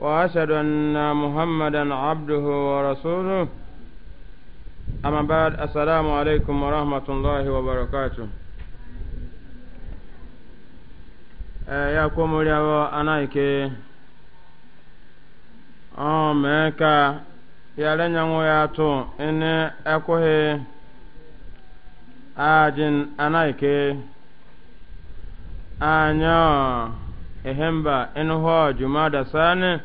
وأشهد أن محمدا عبده ورسوله أما بعد السلام عليكم ورحمة الله وبركاته ya komoriawo anaike ọ mee ka yare nyanwụ ya atụ ene ekwughị ajin anaike anya ehemba enuho jumada sane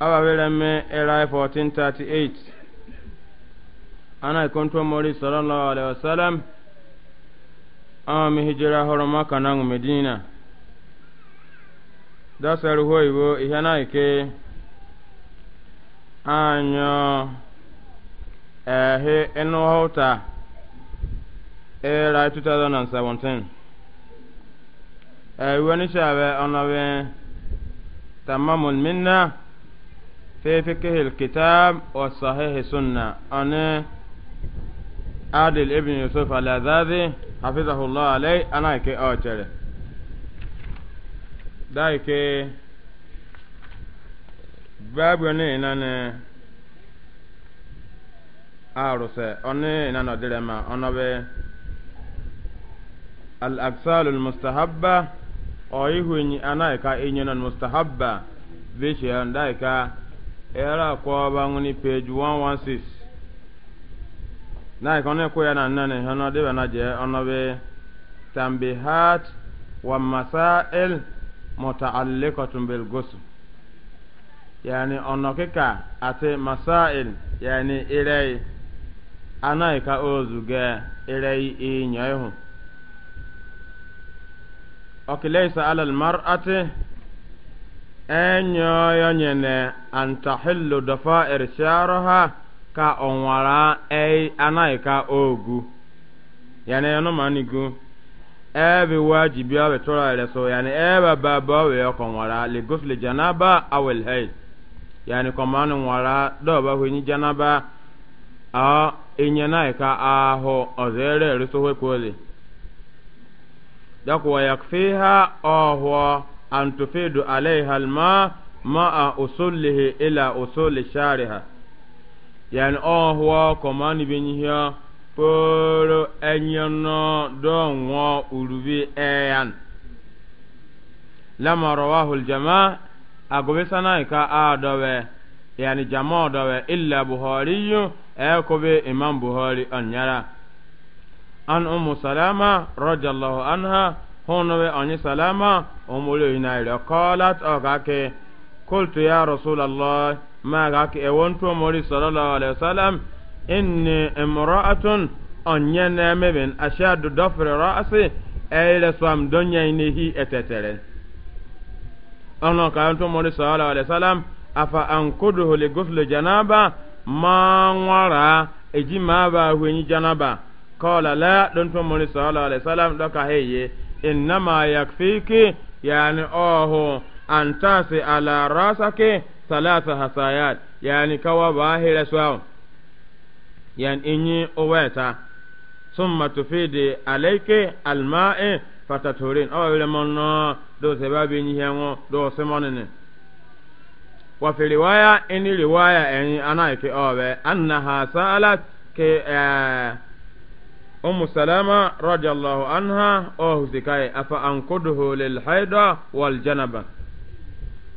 awawereme era 1438 ana ikontu mori sallallahu alaihi wasallam awa mi hijira horo maka nangu medina dasaru ho ibo ihana ike anyo ehe enuho ta era 2017 wani shabe ona be tamamul minna fi fiqh alkitab wa sahih sunna ana adil ibn yusuf al-azazi hafizahullah alai ana ke awtere dai ke babu ne nane aruse oni nano dilema ono be al-aqsal al-mustahabba oihunyi anaika inyonan mustahabba vishiyan daika era kwaba nguni page 116 naika one kuya na nane hono diba na je ono be tambihat wa masail mutaalliqatun bil ghusl yani ono kika ate masail yani irei anaika ozuge irei ihu. okileisa alal mar'ati enyoyo nyene antahillu dafa'ir sharaha ka onwara ei anaghị ka ogu yani ya nomanigu ebe wajibi obe tụrụ ere so yani ebe baba owe ọkọ nwara ligosli janaba awel haid yani kọmanụ nwara dọba hwenyi janaba a inyena ka ahụ ọzọ ere ereso dako wa yakfiha ohwa an tufidu alaiha alma ma'a usulihi ila usuli shariha yani ohwa komani binyiha poro enyano don wo urubi eyan lama rawahu aljamaa agobe sanai ka adobe yani jamaa dobe illa buhariyu ekobe imam buhari onyara an umu salama radiyallahu anha honowe onye salama omolo inaire qalat ogake kultu ya rasulallah ma gake ewontu omori sallallahu alaihi wasallam inni imra'atun onye na-emeben ashadu dofre ra'asi ele swam inehi etetere ono ka sallallahu alaihi wasallam afa li janaba ma nwara eji ba janaba qala la don to mo sallallahu alaihi wasallam do ka heye innama yakfiki yani oho antasi ala rasaki salasa hasayat yani kawa ba hira sawo yani inyi oweta summa tufidi alayki alma'i fataturin awa wile mono do sebabi nyi hengo do semonene wa fi riwaya ini riwaya eni anayki owe ha salat ke eh, أم سلامة رضي الله عنها أوه سكاي أفأنقده للحيض والجنبة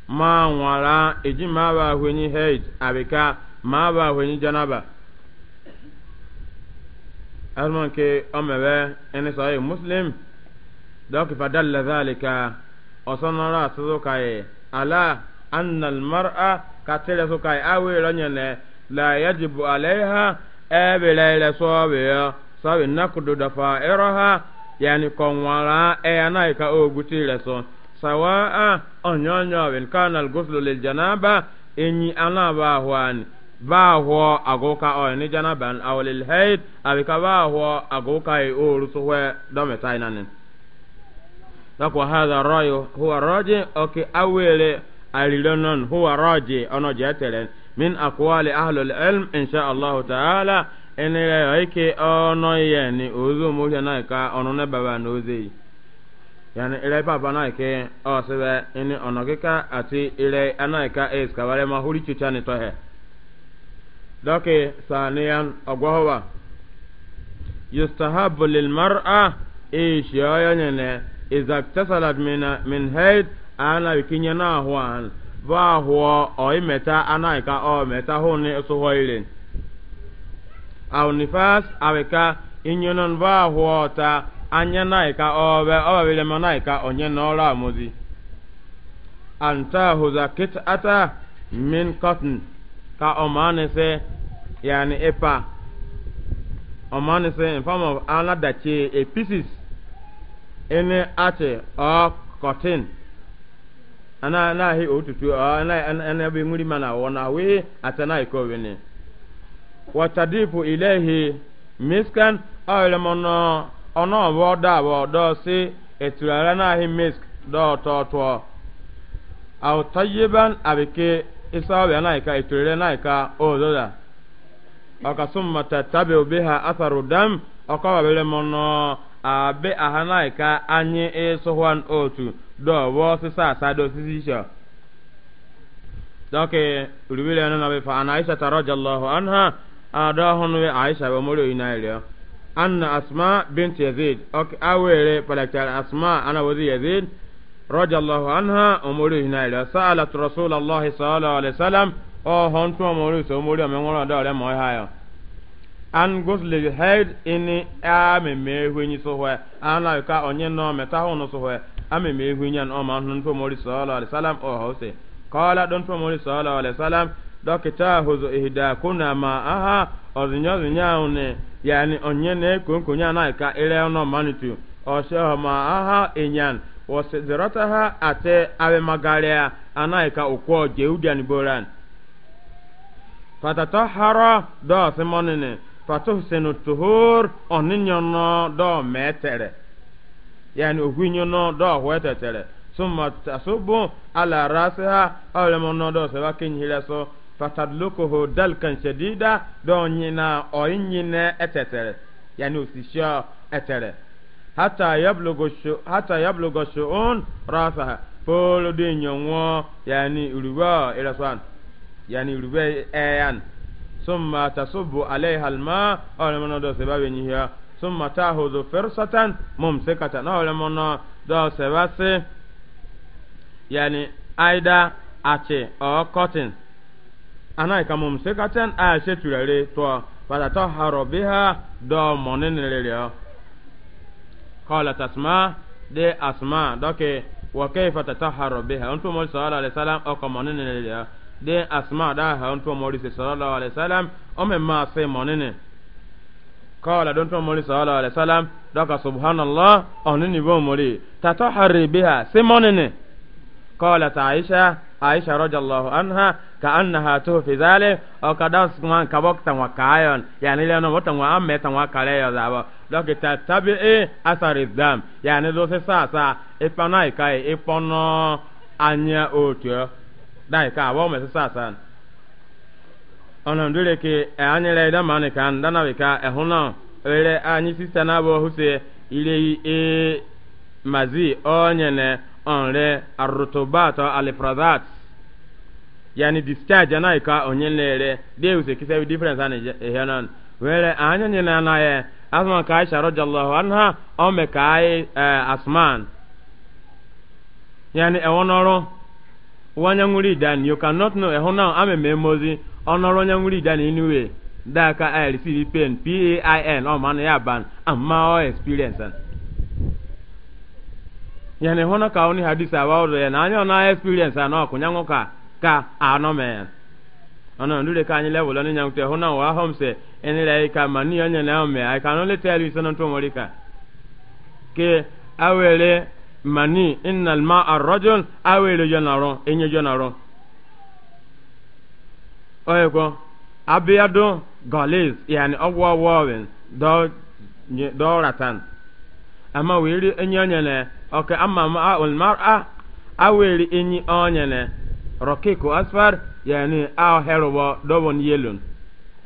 ما ولا إجي ما باهوني هيد أبكا ما باهوني جنبة أرمان كي أم بي إن صحيح مسلم دوك فدل ذلك أصنع سوكاي على أن المرأة كتير سوكاي أوي لنيني لا يجب عليها أبي ليلة صوبية sabe nakudu da fa'iraha yani konwala e yana ka o gutire so sawa onyonyo bin kana al-ghuslu lil janaba enyi ana ba hwani ba hwo agoka o ni janaban aw lil hayd abika ba hwo agoka e o rusu hwe do metainanin dako hadha rayo huwa raji oki awele alilonon huwa raji ono jetelen min aqwali ahli ilm insha Allah ta'ala enere ya ike ọnọ ya ni ozu omohia na ka ọnụ na baba na ozi yani ire papa na ke ọsịbẹ ini ọnọ kika ati ire na anaika es kawara ma huri chucha ni tohe dọki saniyan ọgwọhọwa yustahabu lilmar'a ishi ọyọ nyene izaktasalat min haid ana bikinye na ahụ an ba ahụ ọ imeta anaika ọ meta hụ ni sụhọ aw nifas awe ka inyonon ba huota anya nai ka obe oba bile manai onye n'ọrụ amuzi anta huza kit ata min cotton ka omani se yani epa omani se in form of anadachi a e pieces ene ate or cotton ana anaghị otutu ọ anaghị anaghị ebe nwuri mana ọ na wee ata na iko watadifu ilehi miskan ọlọmọnọ ọnọbọ dàbọ dọsi eturara n'ahi misk dọtọtọ autayiban abike isawia naika eturere naika ozoda ọkasumata tabi obi ha asaru dam ọkọwabere mọnọ abe aha naika anyị ịsụhwan otu dọwọ sisa asada osisi isha dọke uriwile nọ na bifa anaisha tarajallahu anha ada hono we aisha be moro ina ile anna asma bint yazid ok awere palakar asma ana wazi yazid radiyallahu anha umuru ina ile sa'alat rasulullah sallallahu alaihi wasallam o hon to umuru so umuru me ngoro da re mo hayo an gosle head in a me me hwenyi so hwe ana ka onye no me ta hono so hwe ame me hwenyan o ma hon to umuru sallallahu alaihi wasallam o hose qala don to umuru sallallahu alaihi wasallam dọkịta hụzụ ihidakuna ma aha ọzịnyọzịnyaụnị yani onye na-ekonkonye anaghị ka ire ọnọ manitu ọsịọ ma aha ịnyan wọsịzịrọta ha ate abịmagarịa anaghị ka ụkwụ jeudian boran fatatọ haro dọọsị mọnịnị fatuhsinu tuhur ọnịnyọnọ dọọ metere yani nọ dọọ hwetetere summa tasubu ala rasiha ọlẹmọnọ dọọsị wa kinyihire so fatadlukuhu dalkan shadida don nyina o na etetere yani osisha etere hata yablugu shu hata yablugu shu'un rafaha polo de nyonwo yani uruwa iraswan yani uruwa ayan summa tasubbu alaiha alma awla mono do sebabe nyiya summa tahudhu firsatan mumsikatan awla mono do sebase yani aida ache o cotton ana ka mum se ka ten a se turare to fata ta haro biha do monin rere qala tasma de asma doke wa kayfa tatahharu biha antum mol sallallahu alaihi wasallam o ko monin rere de asma da ha antum mol sallallahu alaihi wasallam o me ma se monin qala don to mol sallallahu alaihi wasallam doka subhanallah onini bo moli tatahharu biha se monin qala ta aisha aisha radhiyallahu anha ka annaha to fi zale o ka das man ka bok tan wa kayon yani le no botan wa amme tan wa kale yo da ba do ke ta tabi e asari zam yani do se sa sa e pana e kai e pono anya otio dai ka wa me se sa sa ona ndure ke e anya le da man kan da na we ka e huna ere anyi sista na bo huse ile e mazi onye ne onre arrutubato alifrazat yani discharge na ka onye lere de use kisa difference an ehanan were anya ah, nyela na ye asma ka aisha radhiyallahu anha o me ka ai eh, asman yani e wonoro wanya nguri dan you cannot know e honan ame memozi onoro nya nguri dan anyway da ka i receive pain p a i n o man ya ban amma o experience an yani e hona ka oni hadisa wa o na anya na experience an o kunyango ka ka anọ mee ana ndure ka anyị level ne nyang te hona wa homse ene le ka mani anya na me i can only tell you sanan to morika ke awere mani innal ma awere awele jonaro enye jonaro oye ko abiyado gọlịs yani ogwa wawen do do ratan ama wiri enye anya na oke amma ma al mar'a awere enyi anya na rokiku asfar yani aw herubo dobon yelon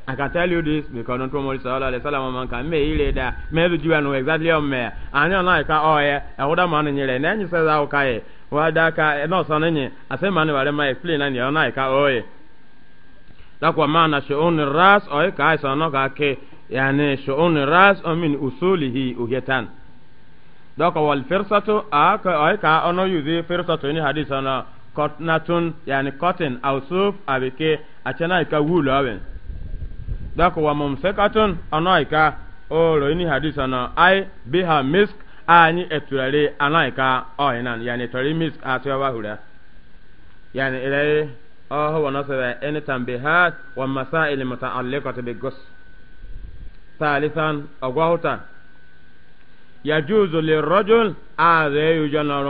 I can tell you this because don't tell me it's all that. Salama man can may he that. May the Jew know exactly how me. And you like oh yeah. I would have money here. Then you say that okay. Well that can eh, no son any. Eh, I say man we are my explain and you like oh yeah. That what man she own the ras oh yeah. Kai son no ka ke. Yani she own the ras. I mean usulihi uhetan. That what wal firsatu ah ka oh yeah. Ka ono yuzi firsatu ni hadis ana. cotton yani cotton aw suf abike achana ka wool awen dako wa mumsikatun anaika oro ini hadisa na ai biha misk ani eturare anaika oinan yani tori misk atwa hura yani ilai oho wa nasaba any tambihat wa masail muta'alliqat bi ghusl ثالثا أقوى يجوز للرجل أن يجنر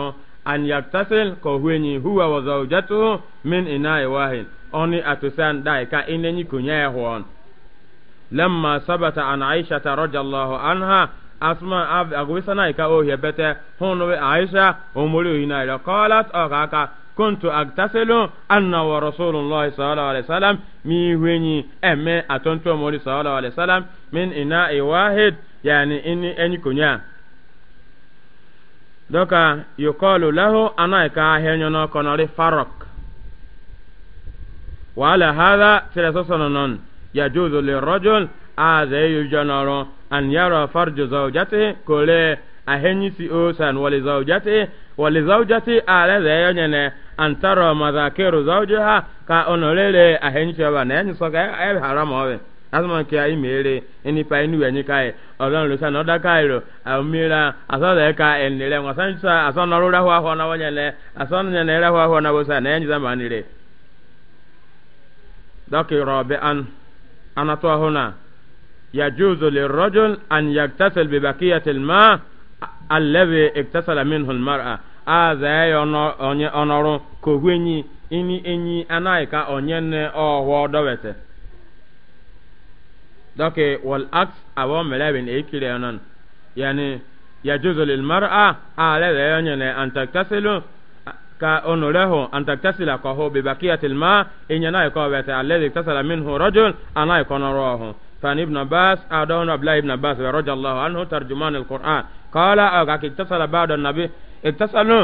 an yartasil ko huwenyi huwa wa zawjatuhu min ina'i wahid oni atusan dai ka inenyi kunyaya huon lamma sabata an aishata radiyallahu anha asma agwisana ika ohye bete hunwe aisha umuri ohina ila qalat okaka kuntu agtasilu anna wa rasulullahi sallallahu alaihi wasallam mi huwenyi eme atontu umuri sallallahu alaihi wasallam min ina'i wahid yani ini enyi kunyaya doka yuqalu lahu anaika henyono konori farok wala hadha sira sosononon yajuzu lirajul aze yujanoro an yara farju zawjatihi kole ahenyisi osan wali zawjatihi wali zawjati ala ze yonyene antaro madhakiru zawjiha ka onolele ahenyisi wa nenyi soga ebe haramu owe asoma ke ayi mere eni pa eni wenyi kai ọlọrun lo san ọdọ kai ro amira asọdọ ka enire wọn san sa asọ nọrọ rahọ ahọ na wọnyẹ lẹ asọ nyẹ na rahọ ahọ na wosa na enyi zama nire dọki rọbi an anatọ ahụ na yajuzu lirrajul an yaktasil bi bakiyatil ma allazi iktasala minhu almar'a azaa ọnọ onye ọnọrụ kogwenyi ini enyi anaghị ka onye nne ọhụọ dọwete dɔke wal aks awo mɛlɛbin e kiri yanan yani yajuzu lil mar'a ala la yanyane an taktasilu ka onoreho an taktasila ko ho bi baqiyatil ma inyana ko wata alladhi tasala minhu rajul ana ko noroho فعن ابن عباس أدون عبد الله ابن عباس رضي الله عنه ترجمان القرآن قال أو اتصل بعد النبي اتصلوا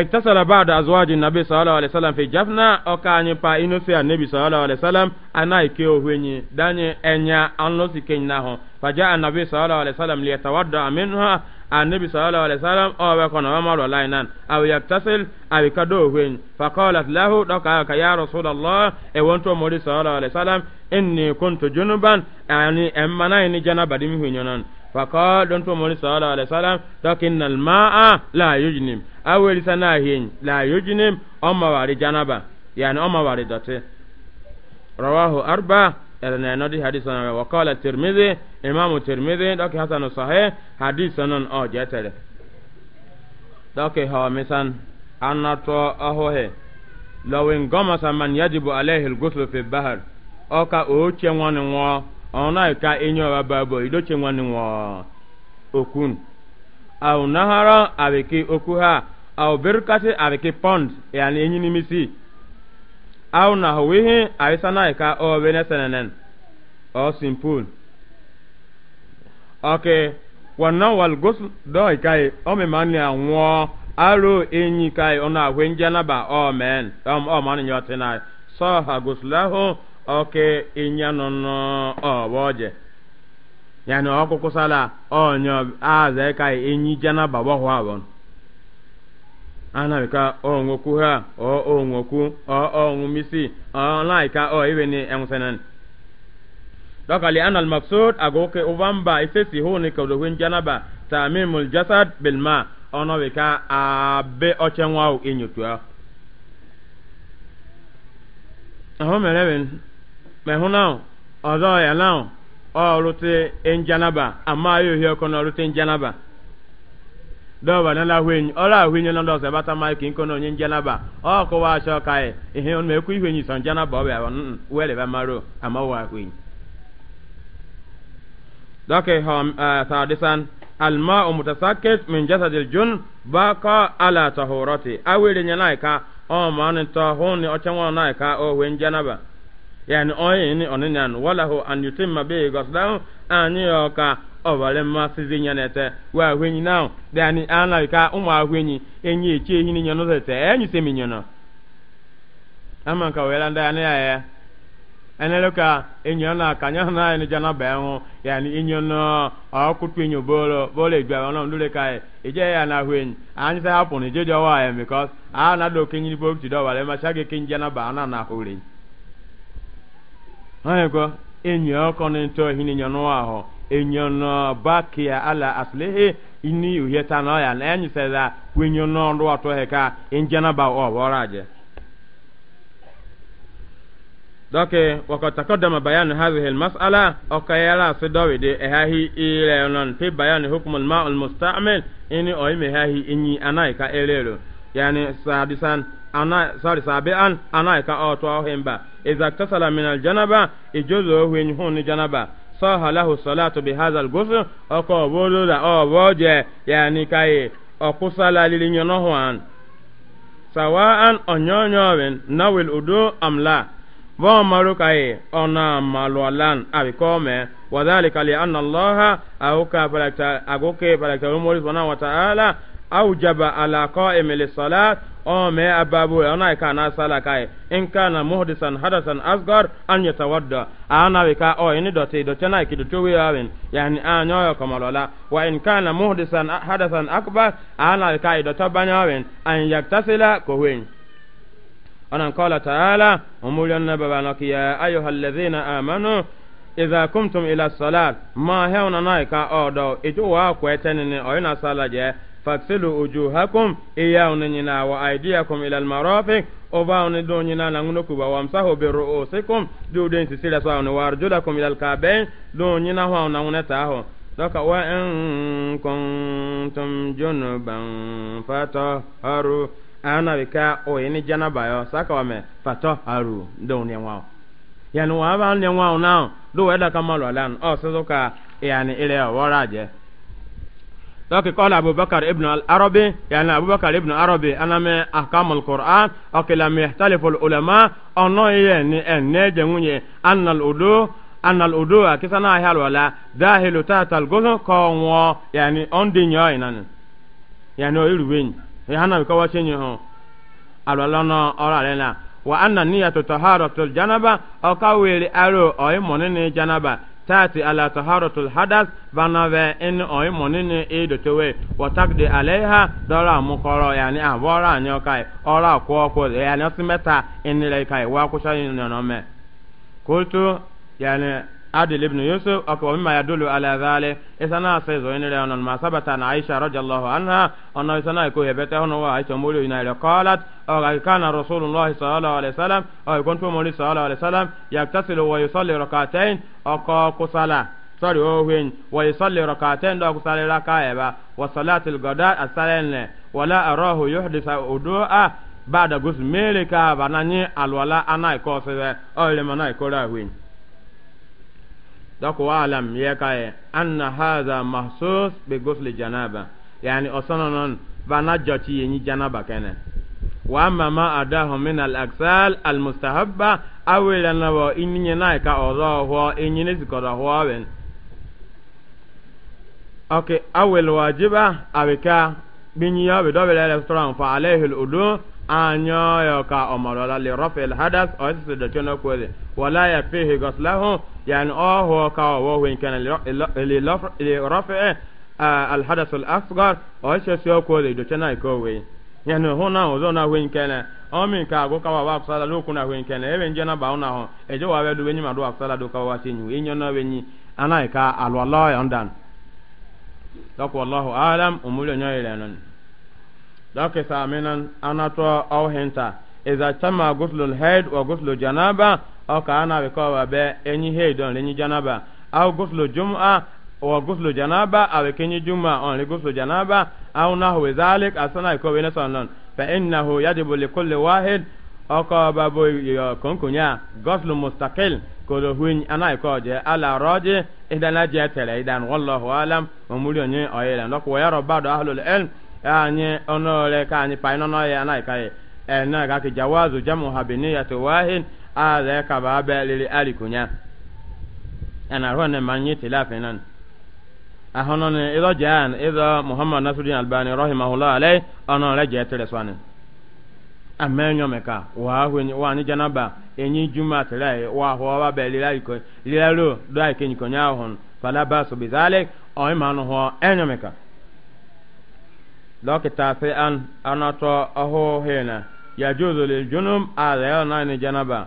اكتسل بعد أزواج النبي صلى الله عليه وسلم في جفنا أو كان يبا إنوسي النبي صلى الله عليه وسلم أنا يكيو هيني داني أنيا أنلوسي كيناه فجاء النبي صلى الله عليه وسلم ليتودع منها النبي صلى الله عليه وسلم أو يكون عمر لينا أو يكتسل أو يكدو هين فقالت له دقاك يا رسول الله أونتو مولي صلى الله عليه وسلم إني كنت جنبا يعني أمنا إني جنبا دمي هينينا faka don to صلى الله عليه وسلم لكن الماء لا يجنم أول سنة هين لا يجنم أما واري جنبا يعني أما واري دوتي رواه أربعة ẹ̀rẹ̀nà ẹ̀nọ́dí hadith ọ̀nà wọ̀kọ́lẹ̀ tìrìmìdì ìmáàmù tìrìmìdì dọ́kì hasan sọ̀hẹ́ hadith ọ̀nà ọ̀jẹ̀ tẹ̀lẹ̀ dọ́kì họ́mísàn anatọ́ ọ̀hóhẹ̀ lọ́wìn gọ́mọ̀sán man yajibu fi ọ̀nà ìka enyo ọba babo idoche nwanne nwa okun au nahara abeke oku ha au berkati abeke pond yani enyi nimisi au na aisa na ika o bene senenen o simpul okay wannan wal gusl do ikai o me mani anwo aro enyi kai ona ba o mani so ha oke ịnya nọ inyanụnụ ya na ọkụkụ sala onyo aza ka enyi jana babahụ abọn anabika onwoku ha o onwoku o onwumisi o laika o ibe ni enwusanan dokali anal maqsud agoke ubamba isesi huni ka dohun janaba tamimul jasad bil ma ono bika abe ochenwa o inyotua ahomere ben mehunaw ọzọ yalaw ọrụte njanaba ama na ọrụte na ọrụ ahwenyi na ndọsọ maa maịkị nkọ na onye njanaba ọ kọwa achọ ka ihe ọ na-ekwu ihwenyi sọ njanaba ọ bịara were ba maro amawa ahwenyi dọka ha e, sadisan alma umutasakit min jun ala awere nyanaika ni ni yani oyi ni oninan walahu an yutimma bihi qasdahu ani yoka obale masizi nyanete wa hwenyi na dani ana ka umwa hwenyi enyi eche hini nyano zete enyi semi nyano ama ka wela ndani ya ya enelo ka enyo na kanya na ni jana be ho yani enyo no enyo bolo bolo igba e e. e ya na hwenyi anyi eje ya na ko enyo konin ntọ hini nyano aho enyo no bakia ala aslihi ini uheta na ya na enyi seda wenyo no ndo ato heka injana ba e o boraje doke waqad taqaddama bayan hadhihi almas'ala o kayala ehahi ile ini hahi inyi yani sadisan sorry sabian إذا اغتسل من الجنبة إجوزه وين هون جنبة صح له الصلاة بهذا الغسل أكو بولولا أو بوجة يعني كاي أكو صلاة للنيونوهوان سواء أنيونيوين نو الأدو أم لا bọ́n maru kaye ọ̀nà malwalan abikọ́mẹ́ wàdálìkà lè anna lọ́ha àgókè pàlàkìtà olómọ́rí sọ́nà wàtàálà àwùjaba àlàkọ́ ìmìlẹ̀ sọ́lá o me ababu ona ka na sala kai in kana muhdisan hadasan asgar an yatawadda ana we ka o ini dote do tena ki do to awen yani anyo yo komalola wa in kana muhdisan hadasan akbar ana we ka do to banyawen an yaktasila ko wen أنا قال تعالى أمولنا ببانك يا أيها الذين آمنوا إذا قمتم إلى الصلاة ما هون نايكا أو دو إجوا كويتنين أو ينا faksilu ujuhakum iyawni nyina wa aidiyakum ila almarafiq obawni do nyina languno kuba wamsahu bi ru'usikum do den sisila sawni warjulakum ila alkabain do nyina wa nangune taho doka wa in kuntum junuban fatahharu ana bika o yini janaba saka wa me fatahharu do ne wa yani wa ba ne wa na do weda kamalu alan o sezoka yani ile waraje donc kɔl abubakar ibn al-arabi yani abubakar ibn arabi ana mɛ al-qur'an ok la mihtalifu al-ulama ɔnɔ yɛ ni ɛnɛ jɛŋu ye anna al-udu anna al-udu a kisa na hal wala dahilu ta talgono ko wo yani on di nyo inan yani o iru wen ya hana ko wa chenye ho alwala no ora lena wa anna niyatu taharatul janaba o kaweli aro o imonene janaba tati ala taharatul hadas bana ve en oy monene e de tewe watakde alaiha dara mukoro yani avora anyo kai ora ko ko yani simeta en le kai wa عادل ابن يوسف أكو مما يدل على ذلك إسانا سيزو إن لأن ما ثبت عن عائشة رضي الله عنها أن إسانا يكو يبته هو عائشة مولي إن قالت أو كان رسول الله صلى الله عليه وسلم أو كنت مولي صلى الله عليه وسلم يغتسل ويصلي ركعتين أو كصلاة sori ohin wa yusalli rak'atayn da ku sale raka'a ba wa salatul ghada asalan wala arahu yuhdisa udu'a ba'da gus melika banani alwala ana ko se o le mana ko rahwin dako waalam yeka ye anna hadha mahsus bi gusli janaba yani osononon bana joti yenyi janaba kene wa amma ma adahu min al aksal al mustahabba awela na wo ininye na ka ozo ho enyine zikoro ho awen okay awel wajiba aweka binyi ya be dobele restaurant fa alayhi al udu anyoyo ka Omarola li rafil hadas o isi da chono kwele wala ya fihi goslahu yani oho ka owo hin kana li rafi eh, eh, al hadas al asgar o isi si kwele do chana ko we yani hona ozo na hin kana o min ka go ka wa sala lo kuna hin kana e ben jana ba una ho e jo wa be do benyi ma do sala do ka wa tinyu inyo na benyi anai ka alwala yandan dak wallahu alam umulyo nyoyle nan dɔke saaminan ana tɔ aw hinta iza tama guslul haid wa guslu janaba aw ka ana bi kɔba bɛ enyi haid dɔn lenyi janaba aw guslu jum'a wa guslu janaba aw kenyi jum'a on li guslu janaba aw nahwi zalik asana ko wena sanan fa innahu yajibu li kulli wahid aw ka babo konkonya guslu mustaqil kolo huin ana ko je ala roje idana je tele idan wallahu alam wa ahlul ilm anyị ọnụ ole ka anyị pa ịnọnọ ya anaghị ka ena ga ki jawazu jamu habini ya tuwahin ala ka ba ba lili alikunya ana e, ne manyi ahono ne ido jan ido muhammad albani rahimahullah alai ono le je tere swani amenyo meka wa wa ni janaba enyi juma tere wa ho wa ba lili alikunya lilo do ai kenyi konya hon fala basu bizalik o imanu ho enyo meka لوكتا في أن أنا تو أهو هنا يجوز للجنوب على نين جنبا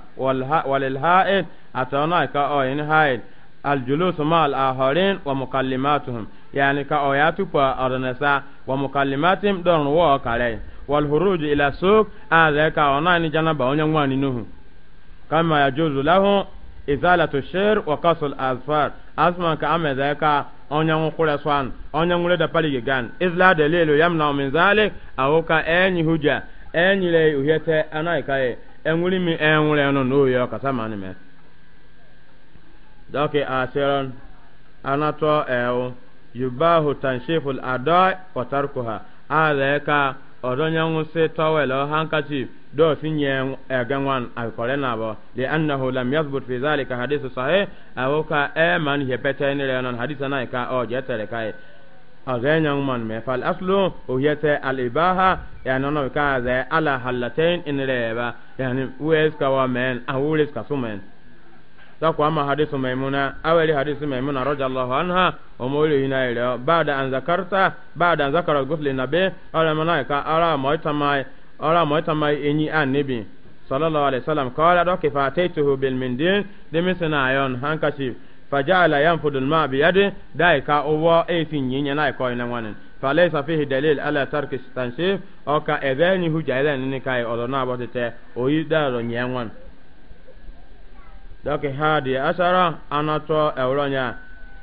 وللهائد أتونا كأو إن هائد الجلوس مع الآخرين ومكلماتهم يعني كأوياتو فأرنسا ومكلماتهم دون ووك عليه والخروج إلى السوق هذا كأونا إن جنبا ونيوان نوه كما يجوز له إزالة الشر وقص الأظفار أسمع كأم ذاك onyanwụ kwụrụ swan onyanwụ reda dapali gan isla dalilu yam na omin zalik awoka enyi hujja enyire uhete anaikaye enwuri mi enwure ọnụ n'oyi ọkasa ma anime dọkị asiron anatọ ewu yubahu tanshiful adọ pọtarkuha ala ka odonyangu se towel o handkerchief do fi nye egenwan alkore na bo li annahu lam yathbut fi zalika hadithu sahih aw ka e man he pete ni le non haditha na ka o je tere kai agenyan man me fal aslu o oh, yete eh, al ya non no ka za ala halatain in ya ni wes ka men awulis ka sumen sako ama hadisu maimuna awali hadisu maimuna radiyallahu anha omoli hina ile bada an zakarta baada an zakara gusli nabi ala malaika ala moitamai ala moitamai enyi annabi sallallahu alaihi wasallam qala do kifataytuhu bil mindin demisna ayon handkerchief fajala yanfudu alma bi yadi dai ka owo etin yinya na ko ina wanin falaysa fihi dalil ala tarki tanshif o ka edeni huja ni kai odona abotete oyi daro nyenwan dɔki haadi asara anatɔ ɛwlɔnya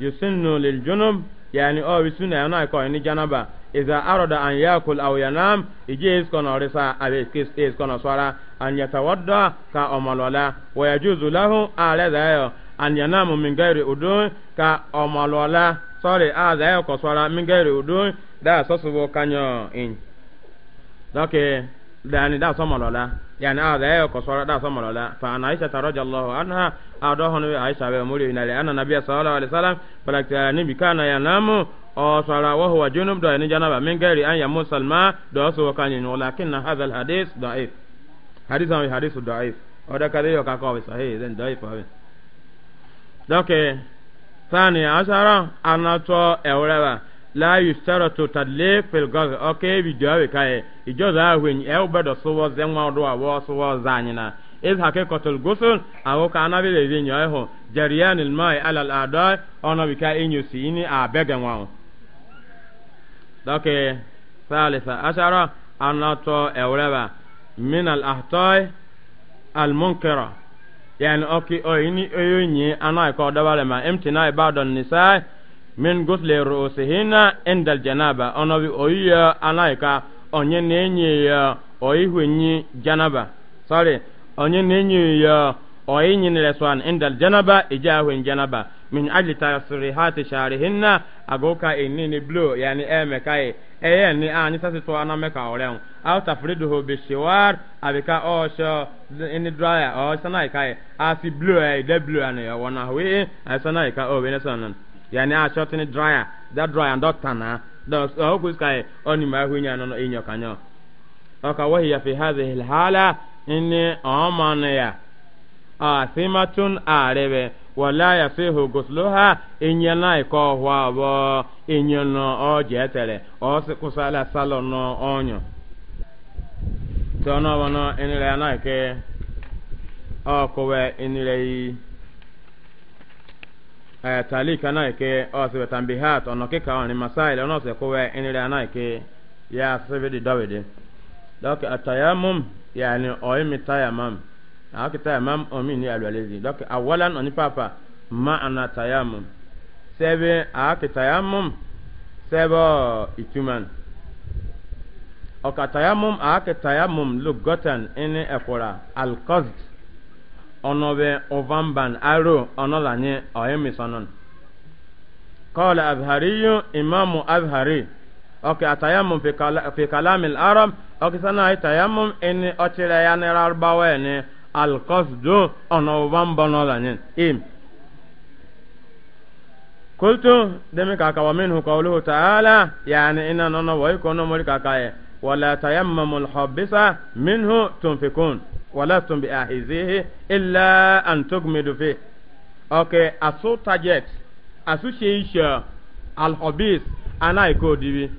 lil liljunub yani o wisu na ya ko ni janaba iza arada an yakul aw yanam ije iskono risa abe kis iskono swara an yatawadda ka omalwala wa yajuzu lahu ala zayo an yanamu min gairi udun ka omalwala sorry a zayo ko swara min gairi udun da sosubo kanyo in dani da sama malola yani a da yau kosora da sama lola fa ana aisha ta radiyallahu anha a do hono aisha be muri ina le anna nabiyya sallallahu alaihi wasallam falakta uh, ni bikana yanamu o sara wa huwa junub da ni janaba min gairi an ya musalma da su wa kan yin walakin hadha al hadith da'if hadith an hadith da'if o da kare yo ka ko sahih then da'if ha donc thani ashara anato ewreba la yustaratu tadlif fil gaz okay bi jawe kai ijoza hwen e obedo sowo zenwa odo awo sowo zanyina iz hakikatul gusul awo kana bi lezi nyo eho jariyan al mai ala al ada ona bi si ini doke salisa ashara anato min al ahtai al munkara yani okay o ini ko ma min gusle ru'usihinna inda aljanaba ono bi oyiya anaika onye nenye ya oihwenyi janaba sorry onye nenye ya oinyi ne swan inda aljanaba ijahwen janaba min ajli tasrihati sharihinna agoka inini blue yani emekai eye ni anyi sasi to anameka orem aw tafriduhu bi shiwar abika osho ini dryer o sanaika asi blue e eh, de blue ane wona we asanaika o oh, benesanan yani a shortini dryer da dryer ndo tana da oku sky oni ma hu nya no inyo kanyo aka wa hiya fi hadhihi alhala inni amana ya asimatun arebe wala yasihu gusluha inyana iko hwa bo inyono oje tere osikusala salono onyo tọnọ wọn inire anaike ọkụwe inire yi Eh, talik anaike ɔsibe tambihat ɔnɔke ka ɔni masail ɔnɔse kowe na anaike ya sibidi dɔwidi dɔk atayamum yani ɔyimi tayamam aki tayamam ɔmi ni alwalezi dɔk awalan ɔni papa ma ana tayamum sɛbi aki tayamum sɛbɔ ituman ɔka tayamum aki tayamum lugotan ini ɛkura alkɔzd onobin ovamban aro onola anyi ohemisononu call as hari yu imamu azhari oke atayammun fi kalamil aram oke sanaa atayammun eni ochire yanaral gbawa eni alkoz du onobin ovamban onola anyi him kultu dem kakawa minhu ka oluwu taala yana ina n'onu wariko onomori kakawa e wale atayammun ulhabisa minhu tun fikun walastum bi ahizihi illa an tugmidu fi okay asu target asu sheisha al hobis ana iko dibi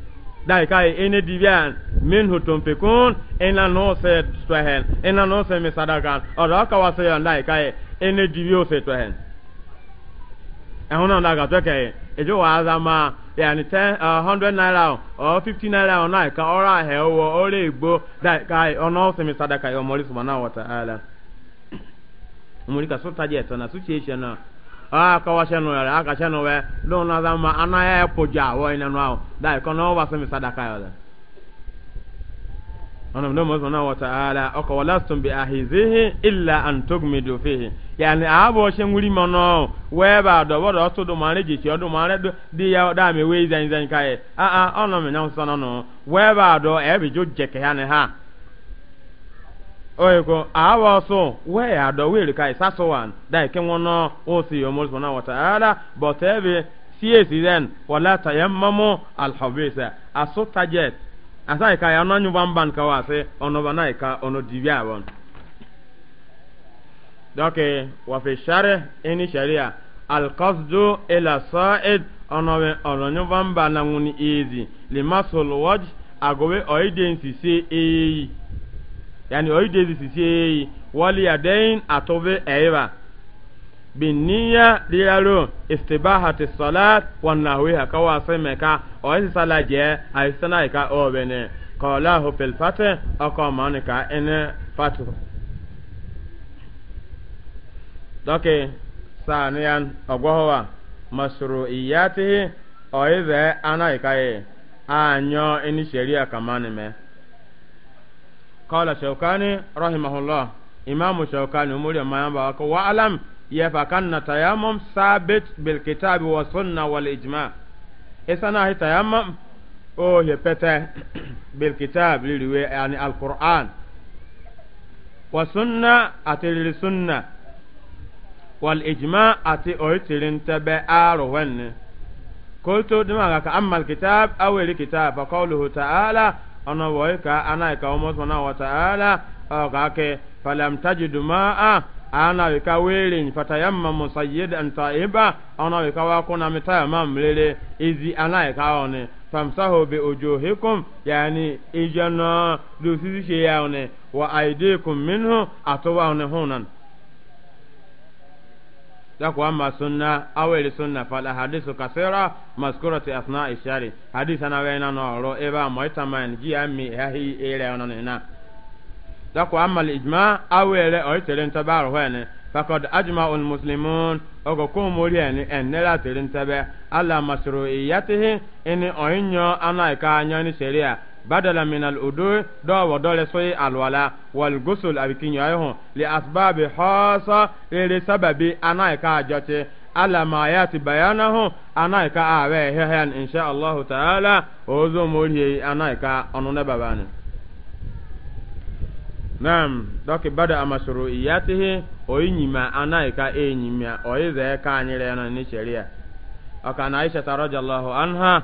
dai kai ene dibian min hutum pikun ina no se twehen ina no se misadagan odo ka wase yon dai kai ene dibi se twehen ẹ̀hún náà dàgbà tó kẹ̀ ẹ̀jọ̀ wà á zà máa yàní ten hundred naira ọ fifty naira ọ̀nà ẹ̀ka ọ̀rọ̀ ahẹ́ wọ ọ̀rẹ́ ìgbó dàkà ọ̀nà ọ̀sẹ̀mi sadaka yọ ọmọ orísun náà wọ̀tá ààlà. ọmọdé náà náà nù nù náà zà aná sadaka yọ náà wọlé yani abo she nguri mono weba do to do mare odo mare ya da me we zan zan kai a a ono me nyaw sono no weba do e bi jo je ha ne ha oye ko awo so we ya do we ri kai saso wan ke wono o si yo mo but e e wala tayammamu alhabisa tajet asai kai ono kawase ono banai ka ono divya dɔke wafe share ini sharia alkasdu ila sa'id ɔnɔwe ɔlɔnyɔban ba na ŋuni eezi limasul wɔj agowe ɔyiden sise eyi yani ɔyiden sise eyi wali yadeyin atobe ɛyiba biniya liyalo istibahati salat wannahuwi haka wasu meka ɔyisi sala jɛ ayisi sana ika ɔbɛnɛ kɔlahu filfate ɔkɔ mɔnika ene fatu dɔke saaniyan ɔgɔhɔwa masoro iyatihi ɔyibɛ anayika ye a nyɔ ini sariya kamani mɛ kɔla shawkani rahimahullah imamu shawkani umuri mayan ba ko wa alam yafa kan na tayammum sabit bil kitabi wa sunna wal ijma isana hi tayammum o ye pete bil liriwe yani al wa sunna atilil sunna wal ijma ati oitirin tabe aro wenne kultu dima ka amal kitab aweli kitab fa qawluhu ta'ala ana waika ana ka umma subhanahu wa ta'ala ka ke falam tajidu ma'a ana wika werin fatayamma musayyid an ta'iba ana wika wa kuna mitayamma mlele izi ana ka one famsahu bi ujuhikum yani ijana dusisi sheyawne wa aidikum minhu atwa hunan dako amma sunna awel sunna fala hadisu kasira maskurati asna ishari hadisa na wena no ro eba moita man ji ammi hahi e ere ono na dako amma al ijma awele o tere ntabar hwene fakad ajma al muslimun ogo ko mori ni enela tere ntabe ala masruiyatihi ini oyinyo anaika anya ni sheria badala min al udu do wo dole soy al wala wal gusul abikin yayo li asbab khassa li sababi ana ka jote ala ma ya ti bayana bayanahu ana ka awe hehen insha Allah taala ozo mori ana ka onune babani nam doki bada amasuru iyatihi oyinyima ana ka enyimia oyize ka anyire na ni sheria aka na aisha radhiyallahu anha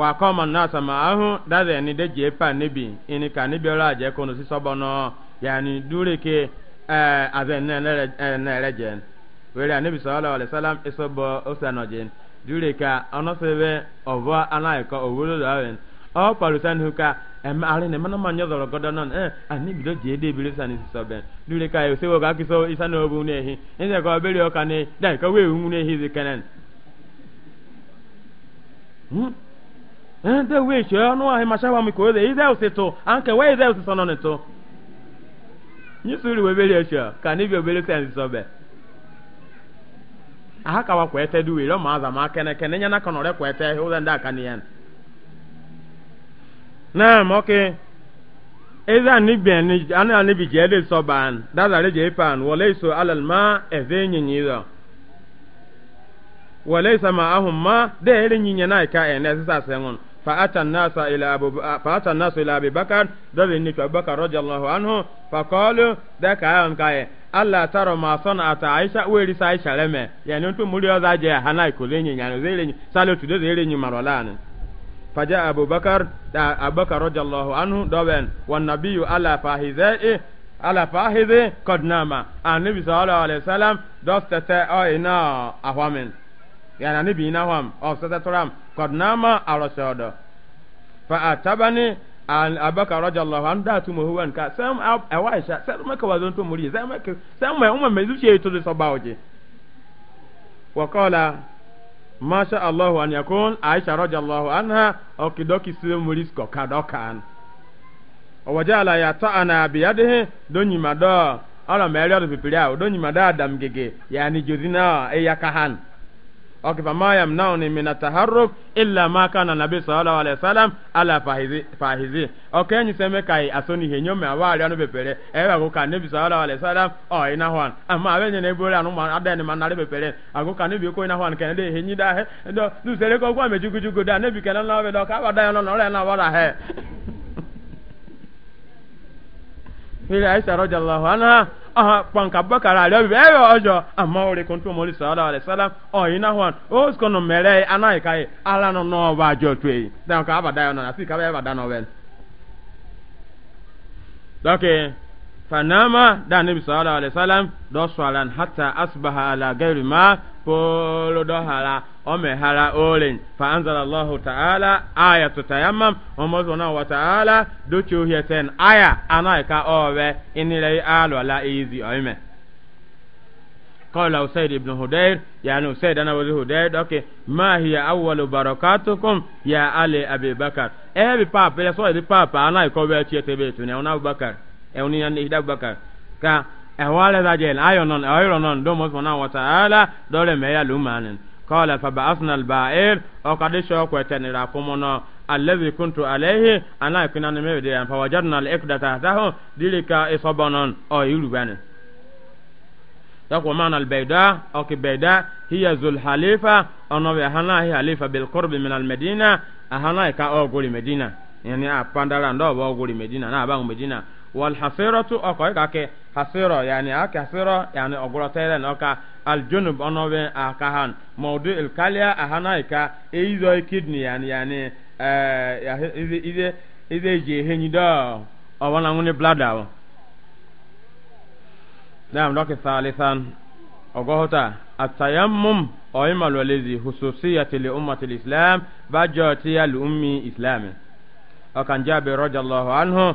wa kɔma na ma ahu dade ni de je pa ni bi ini ka ni je si sobo no yani dure ke eh azen ne ne ne rejen wele ani bi sallallahu alaihi wasallam isobo osano dure ka ono sebe ovo ana ko owodo dawen o parusan ari ne zoro eh bi do je de bi si dure ka ndị uwe iche ọnụ ahụ mashawa miko ode ize tụ anke we ize usito nọ nito nyisuri we bere eche ka ni bi obere sense sobe aha kawa kwa ete duwe lo ma azama kene kene nyana ka nore kwa ete ode nda aka ni yan na moke eza ni bi ni ana ni bi jede soban da da re je pan wole so alal ma eze nyinyizo wole sama ahum ma de ere nyinya na ka ene sisa sengon فأتى الناس إلى أبو ب... إلى أبي بكر دل نيت أبو بكر رضي الله عنه فقالوا ذاك عن كاي ألا ترى ما صنعت عائشة ورث عائشة لما يعني أنتم مليا زاجة هنا يكلين يعني زيلين سالو تدو زيلين مرولان فجاء أبو بكر أبو بكر رضي الله عنه دوبن والنبي على فاهزائه على فاهزه قد نام النبي صلى الله عليه وسلم دوستة أو إنا أهوامن يعني النبي إنا أهوام أو ستة ترام قد نام أرسل فأتبني an abaka radiyallahu an da tu muhuwan ka sam a waisha sam maka wazon to muri sam maka sam mai umma mai zuciya to da sabawo je wa qala ma sha Allah an yakun aisha radiyallahu anha o kidoki sire muri ko kadokan o wajala ya ta'ana bi yadihi donyi mado ala mai riyo pipiri a donyi mado adam gege yani jodina e yakahan okifa ma yamnauni min ataharruk illa ma kana nabi sallallahu alaihi wasallam ala fahizi fahizi okenyi seme kai asoni henyo me awali anu bepere ewa go ka nabi sallallahu alaihi wasallam o oh, ina hwan ama abenye ne bole anu ma ada ne manare bepere ago ka nabi ko ina hwan ken de henyi da he do du sele ko kwa mejugu jugu da nabi ken na be do ka wa da no na wala he Fili Aisha radiyallahu anha aha kpanka kara ali bibi ebe ọjọ ama ori kuntu omori sallallahu alaihi wasallam ọyina oh, hwan osko no mere anaghị ka ala nọ n'ọba ajọ otu eyi dan ka abada ya nọ na si ka abada nọ wel dọkị fanama da nabi sallallahu alaihi wasallam do swalan hatta asbaha ala ghairi ma polo do hala o me hala olin fa anzala allah ta'ala ayatu tayammum o mo zona wa ta'ala do chuhiyeten aya anaika owe inilai alu ala izi oime قال أسيد بن هدير يعني أسيد أنا وزي هدير أوكي ما هي أول بركاتكم يا علي أبي بكر أبي بابا يا سوي بابا أنا يكوي تيتي بيتوني أنا أبو بكر ẹ̀wọ̀n yẹn ìdá bàkà ká ẹ̀wọ̀n alẹ́ dàjẹ́ ayọ̀ nọ ọ̀yọ̀ nọ dọ́mọ̀ sọ náà wọ́tà ààlà dọ́lẹ̀ mẹ́yà lùmánì kọ́ọ̀lẹ̀ fàbà arsenal bá ẹ̀r ọ̀kadìṣẹ́ ọkọ̀ ẹ̀tẹ̀nira kọ́mọ́nà alẹ́bi kuntu alẹ́hi anáìkúnná ni mẹ́wìdì yẹn fàwọ́jọ́dún alẹ́ ẹ̀kúdàtà àtàhùn dìríkà ìsọ̀bọ̀nà ọ̀ ìrùbẹ́ni. تقوى معنى البيداء أو كبيداء هي ذو الحليفة أنو بأهنا هي حليفة بالقرب من المدينة أهنا كأو قولي مدينة يعني أباندالا ندو بأو قولي مدينة نا أباو مدينة wal hasiratu oko ka ke hasira yani aka hasira yani ogoro tele no ka al junub onobe aka han mawdu al kalia ahana ka eizo kidney yani yani eh ide ide ide je henyi do owana ngune blada wo dam doke salisan ogohota atayammum oyma lolezi hususiyati li ummati lislam bajoti al ummi islami okan jabe radiyallahu anhu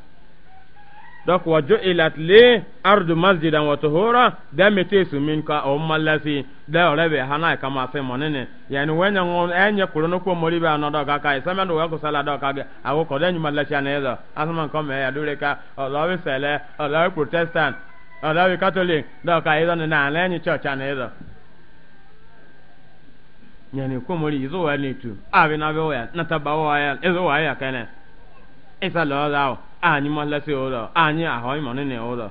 donc wa ju'ilat li ardu masjidan wa tuhura da mete su min ka o mallasi da rebe hana e ka ma fe monene yani wenya ngon enye kurono ko mori ba no do ka kai sama do ko sala do ka ga awo ko denyu mallasi anezo asman ko me ya dure ka o lawe sele o lawe protestant o lawe catholic do ka ido na na enye church anezo yani ko mori izo wa ni tu abi na be wa na tabawa ya izo wa ya kene isa lo da ani ma la se o ani a ho mo ne o da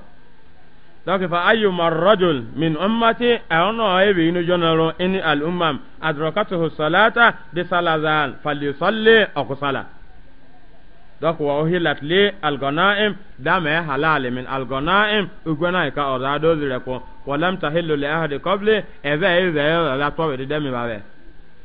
donc fa ayyuma arrajul min ummati awno ebe inu jonaro ini al ummam adrakatuhu salata bi salazan falyusalli akusala donc wa uhilat li al ghanaim dama halal min al ghanaim ugwana ka odado zire ko walam tahillu li ahadi qabli ebe ebe la tobe de demi bawe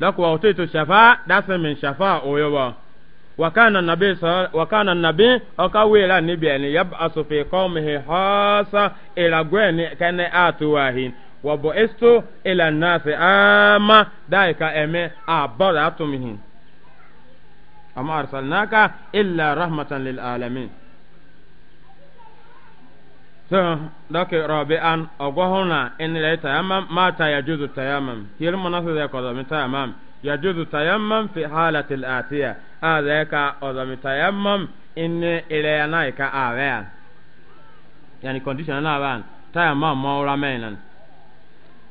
dako wawtitu shafa dasa min shafa oyowa وكان النبي صل... وكان النبي أكويلا نبيان يبعث في قومه خاصة إلى غوين كان آتواهين وبعثت إلى الناس أما ذلك أمي أبرأتمهن أما أرسلناك إلا رحمة للعالمين so dake robe an ogohona in la tayammam ma ta yajuzu tayammam hir munasu da kodo mi tayammam yajuzu tayammam fi halati al-atiya adaka odo mi tayammam in ila yana ka awa yani condition na ban tayammam mawra mainan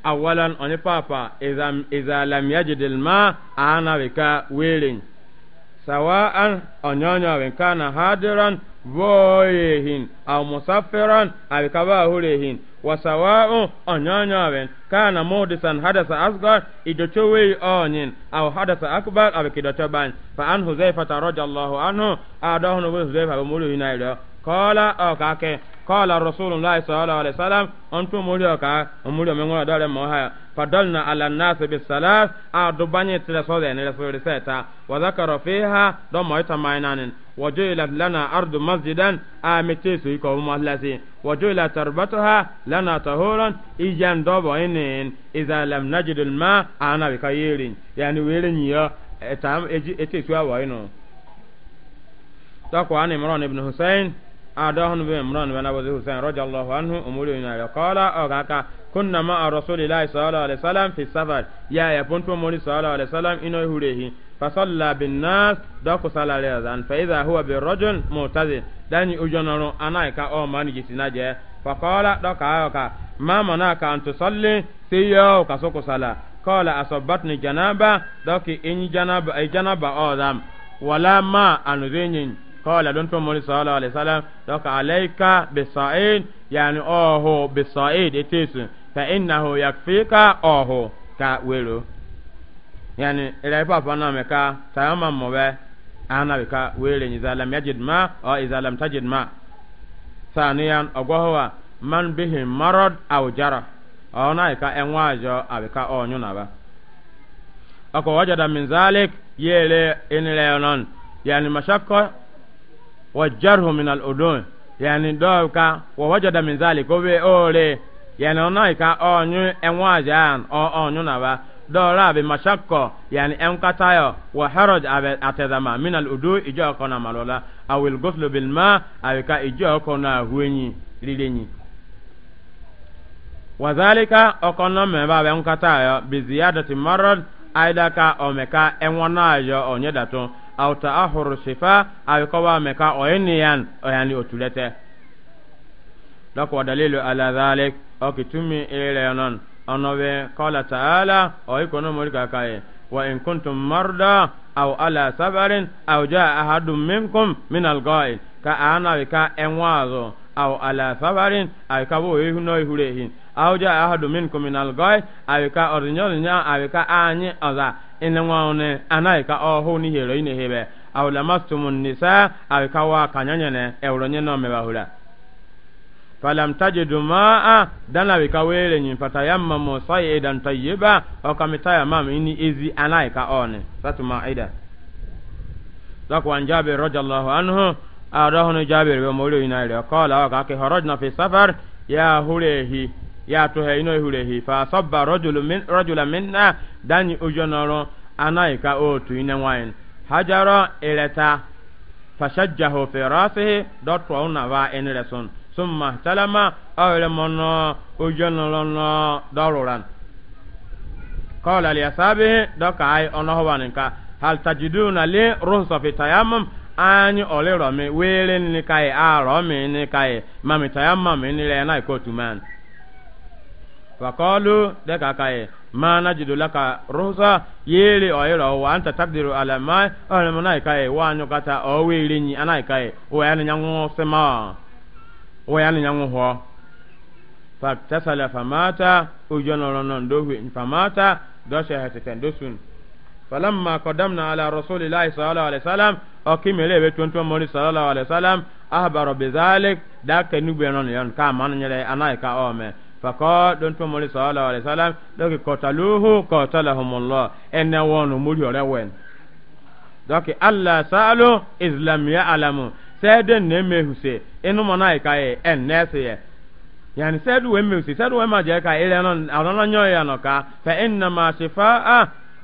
awalan oni papa idha idha lam yajid al-ma ana bika wirin sawa'an onyonyo kana hadiran voyehin aw musafiran abi kaba hurehin wa sawa'un onyanyawen kana mudisan hadasa asgar idocho wei onyin aw hadasa akbar abi kidocho ban fa an huzaifa radiyallahu anhu adahunu bi huzaifa bi mulu hinairo kola okake kola rasulullahi sallallahu alaihi wasallam ontu mulu oka mulu mengola dare mo فدلنا على الناس بالثلاث أدباني تلسوذ يعني رسول سيتا وذكر فيها دم يتماينان وجعلت لنا أرض مسجدا آمتيسو يكو مهلسي وجعلت تربتها لنا طهورا إجان دوبو إنين إذا لم نجد الماء أنا بكيرين يعني ويرين يا اتام اتيسوا وينو تقوى عن إمران بن حسين adahun bin imran bin abu husain radiyallahu anhu umuru ina ya qala aw kaka kunna ma rasulillahi sallallahu alaihi wasallam fi safar ya ya ponto mori sallallahu alaihi wasallam ino hurehi fa salla bin nas da ku sala le zan fa idha huwa bi rajul mu'tazil dani ujonaro anaika o mani gitina je fa qala da ka aw ka ma manaka an tusalli sayo ka soko sala qala asabatni janaba da ki in janaba ay janaba o dam wala ma anuzinyin قال دون تومولي صلى الله عليه وسلم لك عليك ka يعني Ya بالصعيد اتيس فانه يكفيك اوه كاولو yani ila ipa pana meka tayama mobe ana ka wele nyizalam yajid ma o izalam tajid ma saniyan ogohowa man bihi marad aw jara ona ika enwajo abika onyu naba ako wajada min zalik yele inile yonon yani mashakka wajarhu min al'udun yani do ka wa wajada min zalika ole yani ona ka onyu enwaja o onyu na ba do ra be mashakko yani enkata yo wa haraj abe atazama min al'udu ijo ko na malola awil ghuslu bil ma ka ijo ko na huenyi lilenyi wazalika okono me ba be enkata yo bi ziyadati marad aidaka omeka enwona yo onyedatun aw taahuru shifa aw kawa meka oyeniyan oyani otulete dok wa dalilu ala dhalik okitumi ile non onobe qala taala oyikono mulika kaye wa in kuntum marda aw ala sabarin aw jaa ahadun minkum min alghaid ka ana ka enwazo aw ala sabarin ay kabo ihuno ihurehin awja ahadu minkum min algoy awika orinyol nya awika anyi oza ina ngwaone anaika ohu ni hero ine hebe awla mastumun nisa awika wa kanyanya ne euronye no mebahula falam tajidu maa dana wika wele nyin fatayammamu sayidan tayyiba okamitayamam ini izi anaika one satu maida zakwan jabir radiyallahu anhu arahunu jabir be mawlu ina ile qala wa ka ke harajna fi safar ya hulehi. ya to ino ihure hi fa sabba minna min ụjọ minna dani ujonoro otu ine wain hajara ileta fashajjahu fi rasihi dotwa una va enreson summa salama awle mono ujonoro no doruran qala li ashabihi doka ay onoho waninka hal tajiduna li ruhsa fi tayammum anyị olero mi were ni kai aro mi ni kai mami tayammum ni le na ikotuman فقالوا لك كاي ما نجد لك رخصة يلي أيرا وأنت تقدر على ما أنا مناي كاي وأنا كتا أويلني أنا كاي وأنا نعو سما وأنا نعو هو فاكتسل فمات وجن رنندوه فمات دوشة هتتن دوسون فلما قدمنا على رسول الله صلى الله عليه وسلم أقيم إليه بتونتون مولي صلى الله عليه وسلم أخبر بذلك داك نبينون يون كامان يلي أنا كاومي fakɔɔ don tó mɔri sɔɔla wa salam dɔki kɔtaluhu kɔtalahumulɔ ɛnɛ wɔnu muri yɛrɛ wɛn dɔki ala saalo islamiya alamu sɛɛden ne mehuse inu mɔna yi ka ye ɛnɛɛsi yɛ yani sɛɛdu wɛ mehuse sɛɛdu wɛ jɛ ka ye ɛnɛ nyɔ yɛ nɔ ka fɛ ina ma a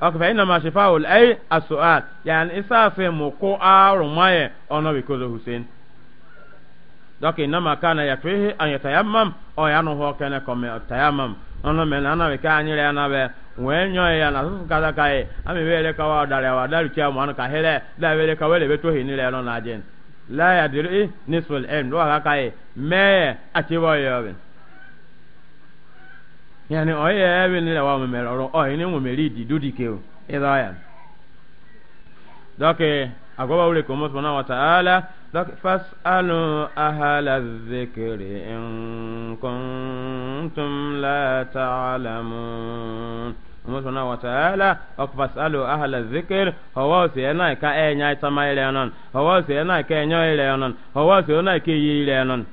ɔkɛ fɛ ina ma wòle ɛyi asu'al yani isaafɛ mu ko aaruma yɛ ɔnɔ bi kolo hussein donc inama kana yakfihi an yatayammam o yanu ho kene comme tayammam ono mena na be ka anyire ana we nyo ya na su kada kai ami wele ka wa dare wa daru cha mo ka hele da wele ka wele be to hin no na jen la ya diri nisful ilm do ka kai me a ti wo yo be yani o ye be ni le wa me ro o ni mo me ri di du di ke o e da ya donc agoba ule ko mo wa ta'ala donc fas'alu ahala dhikri in kuntum la ta'lamun mo na wa ta'ala ok fas'alu ahala dhikr hawa se na ka e nya tama ile non hawa se na ka e nya ile non hawa se na ke yi ile non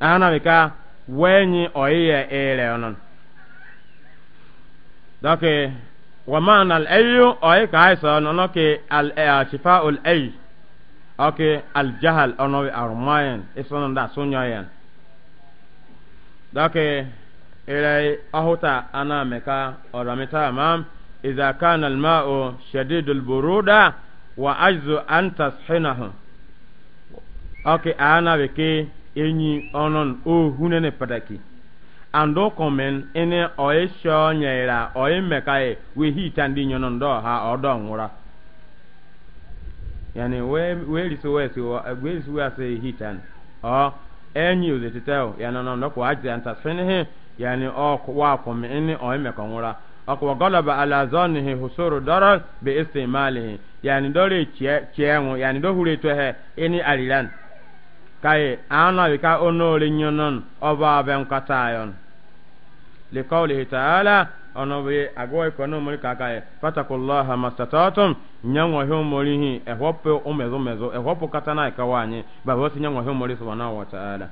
ana be ka wenyi oyiye ile non donc wa ma'na al ayyu ay ka isa nonoke al shifa al ayyu oke aljahal ono oh armayan isono da sunyoyan dake ilai ahuta ana meka oramita mam idza kana alma'u shadidul buruda wa ajzu an tashinahu oke ana beke enyi onon ohunene padaki pataki ando komen ene oisho nyaira oimekai e, we hitandi nyonon do ha odo nwura yani weli so wesi weli so wesi hitan o enyi uze titao yana no ndo kwa ajza antasfinihi yani o wa kumini o ime kongura o kwa galaba ala zanihi husuru darar bi istimalihi yani dole chiengu yani do hure to he ini alilan kai ana wika ono le nyonon oba ben katayon liqaulihi ta'ala ono be agoy ko no mori kaka e fatakullaha mastatatum nyango he mori hi e hopo umezo mezo e hopo katana e ka wanye ba wosi nyango he mori subhanahu wa ta'ala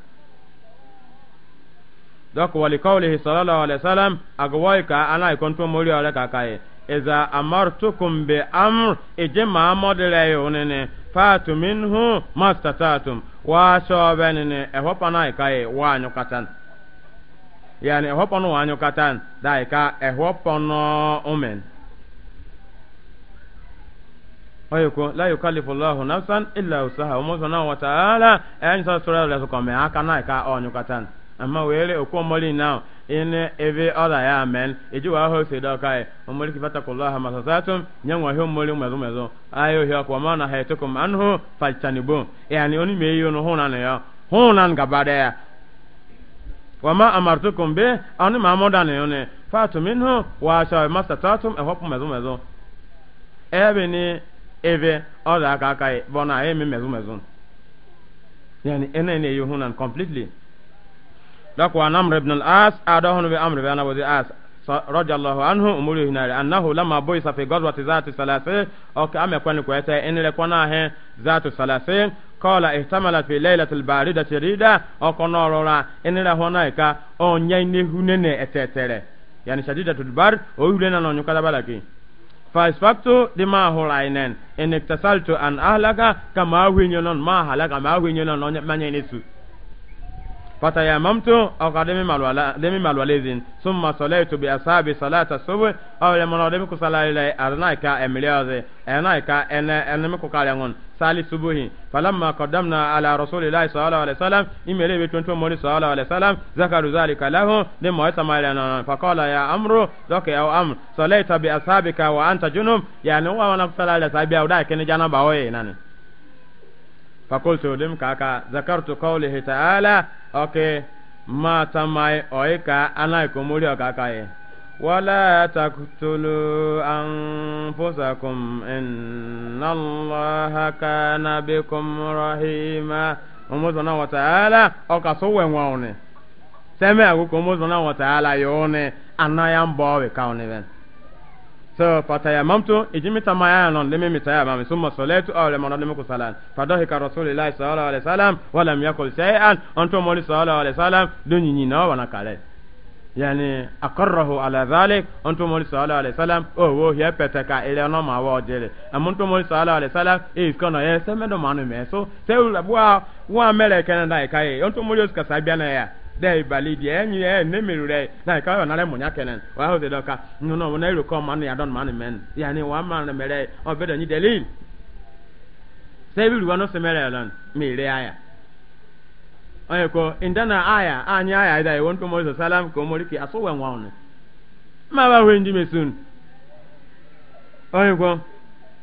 dok wali qawlihi sallallahu alaihi wasallam agoy ka ana ikon e to mori ala kaka e iza amartukum bi amr ijma e modere yonene fatu minhu mastatatum wa shobenene e hopo na kai wa katana yani ehopono wanyo katan dai ka ehopono umen oyoko la yukallifu na nafsan illa usaha omo subhanahu wa ta'ala en sa sura aka na ka onyo katan amma wele okwo moli now in ebe ola ya amen wa ho se do kai omoli kifata kullaha masasatum nyangwa ho moli no ya wama amartukum be ani maamo dani yone fatu minhu wa shawe masatatum e hopu mezu mezu ebe ni ebe oda aka aka e, bona e mi mezu mezu yani ene ne yuhunan completely lako an amr ibn al-as adahun bi amr bi anabi as رضي الله عنه أمره هنا أنه لما بويس في غزوة ذات الثلاثين أو كأمي كوني كويتا إن لكونا ذات الثلاثين kọ́ọ̀lá ìtàmàlà fi lẹ́yìn lẹ́tìlì bàárí dàtí rídà ọkọ̀ náà rọra ẹnìrà hàn náà ká ọ̀nyẹ́ inehu nẹ́nẹ̀ ẹ̀tẹ̀ẹ̀tẹ̀rẹ̀ yàní sàdí dàtí bàárí òwúrẹ́ náà nọ̀nyún kálábàlà kì. fàìsífàktò di máa hùrà ẹ̀nẹ́n ẹ̀nẹ́tẹ̀sàlùtò àn áhàlákà kà máa hùwẹ́ nyẹ́ náà máa hàlákà máa hùwẹ́ nyẹ́ náà fatayamamtu aw ka demi malwala demi malwalizin summa salaitu bi ashabi salata subu aw ya mana demi kusalai lai arna ka emiliaze ena ka ene ene ko kale ngon sali subuhi falamma qaddamna ala rasulillahi sallallahu alaihi wasallam imele be tonto mori sallallahu alaihi wasallam zakaru zalika lahu de mo ta mala na faqala ya amru doke aw amr salaita bi ashabika wa anta junub yani wa wana salala sabi aw da kene janaba oye nani fakultu dim kaka zakartu qawlihi ta'ala okay ma tamai oika anai komori okaka ye wala taqtulu anfusakum inna allaha kana bikum rahima umuzana wa ta'ala okasuwe ngwaone seme aguko umuzana wa ta'ala yone anayambawe kaone ben so fatayamamtu ijimi tamaya non lemi mitaya mami summa salatu aw lamana lemi ku salan fadahika rasulillahi sallallahu alaihi wasallam wa lam yakul shay'an anto moli sallallahu alaihi wasallam dunyi ni nawa na kale yani akarrahu ala dhalik anto moli sallallahu alaihi wasallam o oh, wo oh, ya peteka ile no ma wa jere amunto moli sallallahu alaihi wasallam e iskono ye semedo manu me so se wa wa mele kenanda e kai anto moli ska sabiana ya dɛ ibali diɛ ɛnyi ɛ ne meru dɛ na ika yɔ nalɛ munya kɛnɛ wa yɛ o de no ka nunu ne yɛrɛ kɔ manu yadɔn manu mɛn yanni wa manu mere dɛ ɔ bɛ dɔ nyi deli sɛbi ruwa no sɛmɛ mere lɔn mi rɛ aya ɔyɛ ko ndana aya anyi aya da ewon to mɔri salam ko mɔri ki aso wɛ ŋwɔn ne ma ba wɛ ndi me sun ɔyɛ ko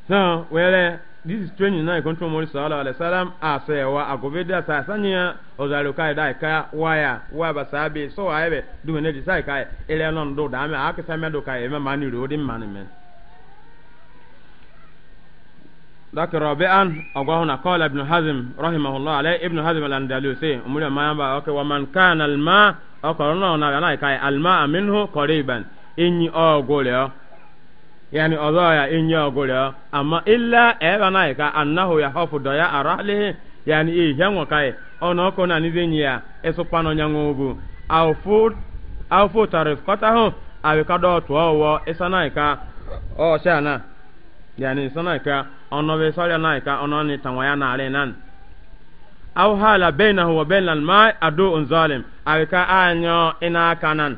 sɔn wɛrɛ this is training na ikonto mori sallallahu alaihi wasallam asewa ah, agobeda sa sanya ozalo kai dai ka waya wa basabi so aibe du ne di sai kai ele non do da me akisa me do kai me mani ro di mani me ذاك رابعا أقوهنا قال ابن حزم رحمه الله عليه ابن حزم الأندلسي أمور ما ينبع أوكي ومن كان الماء أقرنا ونبعنا كاي الماء منه قريبا إني أقول yani ọzọ ya inye ọgụrịọ ama illa ebe na ka annahu ya họfụdọ ya arahlihi yani ihe nwokai ọnụ ọkụ na ndị enyi ya ịsụkpanụ nya nwogu awụfụ tarifkọtahụ awikadọ tụọ ụwọ ịsa na ka ọsha na yani ịsa na ka ọnụ bụ ịsọrịa na ka ọnụ na tanwa ya narị nan awụhala beinahu wa na ma adu nzọlim awika anyọ ina aka nan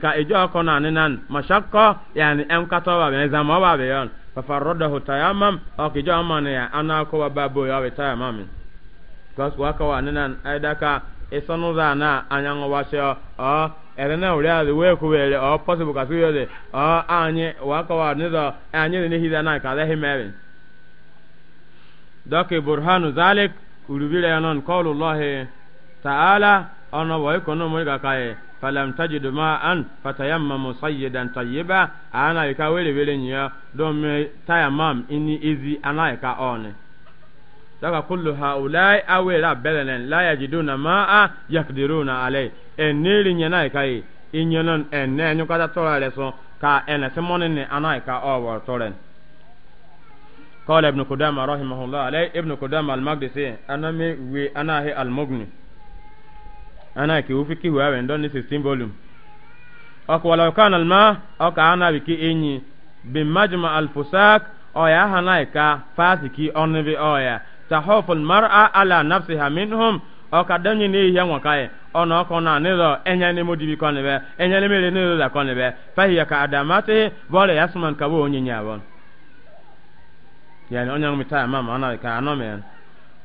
ka ijo ko na ninan mashakko yani em kato ba be zama ba be yon fa faradahu tayammam o kijo amane ya ana ko ba babo ya be tayammam gas wa ka wa ninan aidaka isonu za na anyango wa se o ere na uri ali we ku wele o possible ka su yode o anyi wa ka wa nizo anyị ni hida na ka lehi mebin doki burhanu zalik ulubile yanon qawlullahi ta'ala ana wa ikono mo ga falam tajidu ma'an fatayammamu sayyidan tayyiba ana yaka wele wele nya don me tayammam inni izi ana yaka one daga kullu haulai awela belenen la yajiduna ma'a yakdiruna alai eniri nya na yaka yi inyanon enne nyu kata torale so ka ene semoni ni ana yaka owo toren قال ابن قدامة رحمه الله عليه ابن قدامة المقدسي أنا مي وي أنا هي المغني ana ke ufiki wawe ndon ni 16 volume oko wala kana alma oka ana biki enyi bi majma al fusak o ya hana ka fasiki onbi oya tahoful mar'a ala nafsiha minhum oka danyi ne ihe nwa kae ona oko na nilo enya ne modibi konebe enya ne mere nilo da konebe fahiya ka adamati bole yasman ka bo onyinya won yani onya ngumita mama ana ka anọ anomena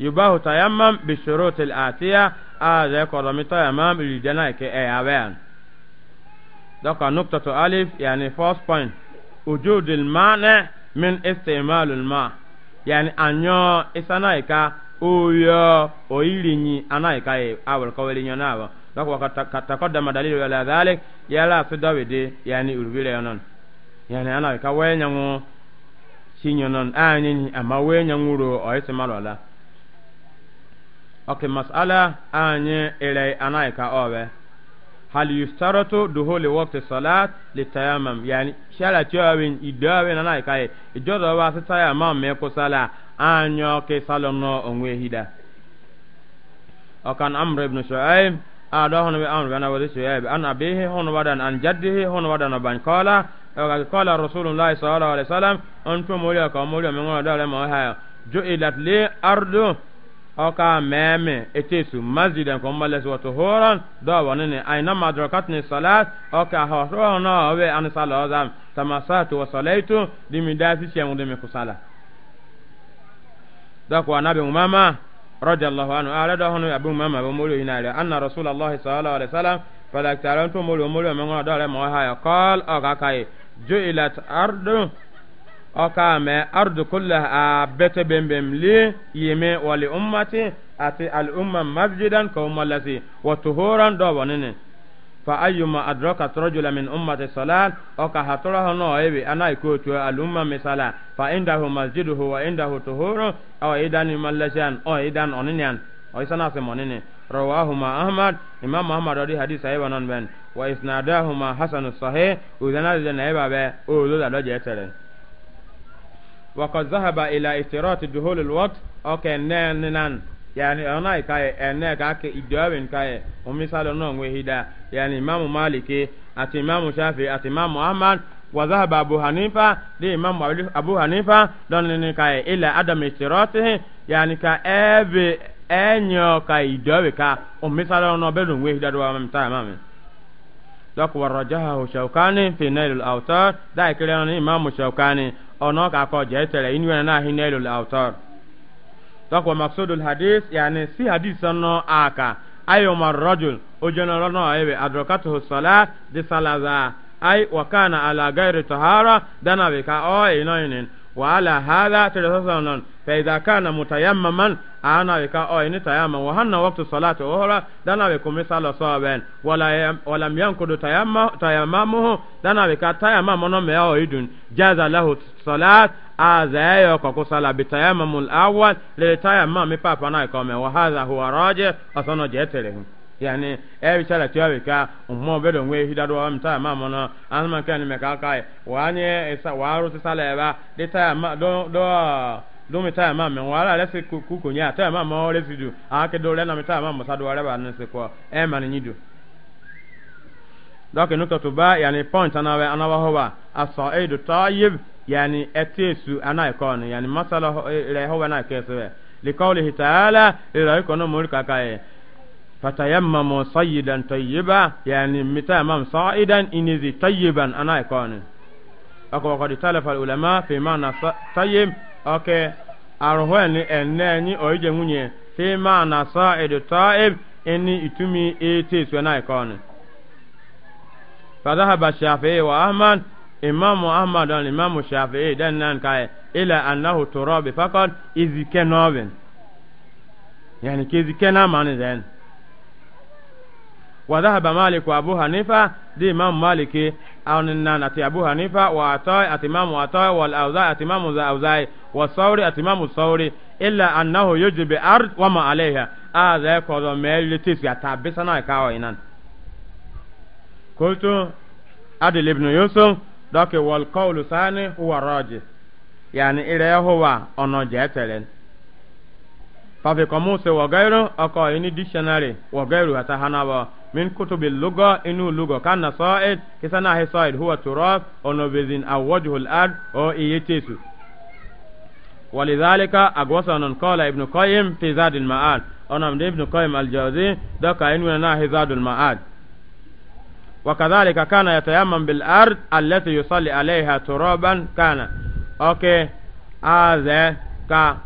yubahu tayammam bi shurutil atiya aze kodomi tayammam li jana ke e awen doka nuktatu alif yani first point wujudil mane min istimalul ma yani anyo isana ika isanaika uyo oilinyi anaika e awel kaweli nyonawo doka wakatakodama dalilu ala dhalik yala sidawidi yani urubile yonon yani anaika wenyangu sinyonon anyenyi ama wenyangu ro oisimalwala ok mas'ala anye ilai anai ka owe hal yustaratu duhuli waqti salat li tayammum yani shala tiawin idawe na nai kai ijodo wa sa tayammum me ko sala anyo ke salono onwe hida akan amr ibn shu'aib ada hono be amr bana wadi shu'aib an abihi hono wadan an jaddihi hono wadan ban qala wa qala rasulullah sallallahu alaihi wasallam antum mawliya ka mawliya min wala dala ma ha ju'ilat li ardu oka meme etesu masjidan ko males wa tuhuran do wonene aina madrakatni salat oka horo no we an salazam tamasatu wa salaitu dimidasi chemu de kusala dako anabi umama radiyallahu anhu ala do hono abu umama bo molo inare anna rasulullahi sallallahu alaihi wasallam fala tarantu molo molo mengono do le mo ha ya qal oka kai ju'ilat ardu ọkaame ardu kulla a bete bembem li yime wali ummati ati al umma masjidan ka umma lati wa tuhuran do bonene fa ayyuma adraka rajula min ummati salat oka hatora hono ebi ana ikotu al umma misala fa indahu masjiduhu wa indahu tuhuru aw idani mallashan o idan onenyan o isana se monene rawahuma ahmad imam ahmad odi hadith ayi wanon ben wa isnadahuma hasanu sahih udana de na eba be o lo da do je tere وقد ذهب إلى اشتراط دخول الوقت أوكي نان نان يعني أنا كاي أنا كاك إدوين كاي ومثال نون وهيدا يعني إمام مالك أت إمام شافعي أت إمام أحمد وذهب أبو حنيفة لإمام أبو حنيفة دون كاي إلى عدم اشتراطه يعني كأبي أنيو كاي إدوين كا ومثال نون بدون وهيدا دوا ممتاز dɔk wa rajahahu shaukani fi nail al-awtar da ikirana imamu ono ka ko je tere inu na hin elul autor to ko hadith yani si hadith no aka ayuma rajul ojono no ebe adrakatuhu salat di salaza ay wa ala ghairi tahara dana be ka o inoinin wa ala hadha tere sasanon fa idha kana mutayammaman ana we ka o oh, tayamma wa hanna waqtu salati uhra dana we kumi sala sawen wala wala yankudu tayamma tayammamuhu dana we ka tayamma mono me o jaza lahu salat azayo sala bi tayammul awwal le tayamma mi papa na ko me wa hadha huwa raji asana jetelehu yani ebi chala tiwa ka ummo bedo ngwe hidado wa mta mama na anma kan me ka kai wanye esa waru sala eba de ma do do domi ta ma me wala lesi ku ko nya ta ma ma lesi du a ke do le na mi ta ma do wala ba nse ko e ma ni du donc nuka to ba yani point ana we ana wa ho ba asaidu tayyib yani etesu ana ko ni yani masala e, le ho na ke se لقوله تعالى إلى يكون ملكا كاي فتيمموا صيدا طيبا يعني متامم صائدا إنذي طيبا أنا يكون أقوى قد تلف العلماء في na طيب oke arụhụen enne enyi oije nwunye fima na sa edutaib eni itumi ete suena ikon fadhahaba shafi'i wa ahmad imamu ahmad on imamu shafi'i dan nan kai ila annahu obi faqat izike novin yani kizike na amani den وذهب مالك وابو حنيفه di imamu مالك awon nan ati abu hanifa wa atai ati imamu atai wal auzai ati imamu za auzai wa sauri ati imamu sauri illa annahu yujibi ard wa ma alaiha a zai kozo mai litis ya tabi sana kawo inan kultu adil ibn yusuf doki yani ire huwa ono jetelen fafi kɔmuse wɔgɛru ɔkɔ ini dictionary wɔgɛru ata hanabɔ min kutubi lugɔ inu lugɔ kana sɔɔid kisana ahi sɔɔid huwa turɔb ɔnobezin awɔjuhul ad o iye tesu walidhalika agwasanon kɔla ibnu kɔyim fi zadin ma'ad ɔnamdi ibnu kɔyim aljawzi dɔka inu na ahi ma'ad وكذلك كان يتيمم بالأرض التي يصلي عليها ترابا كان أوكي هذا آه كا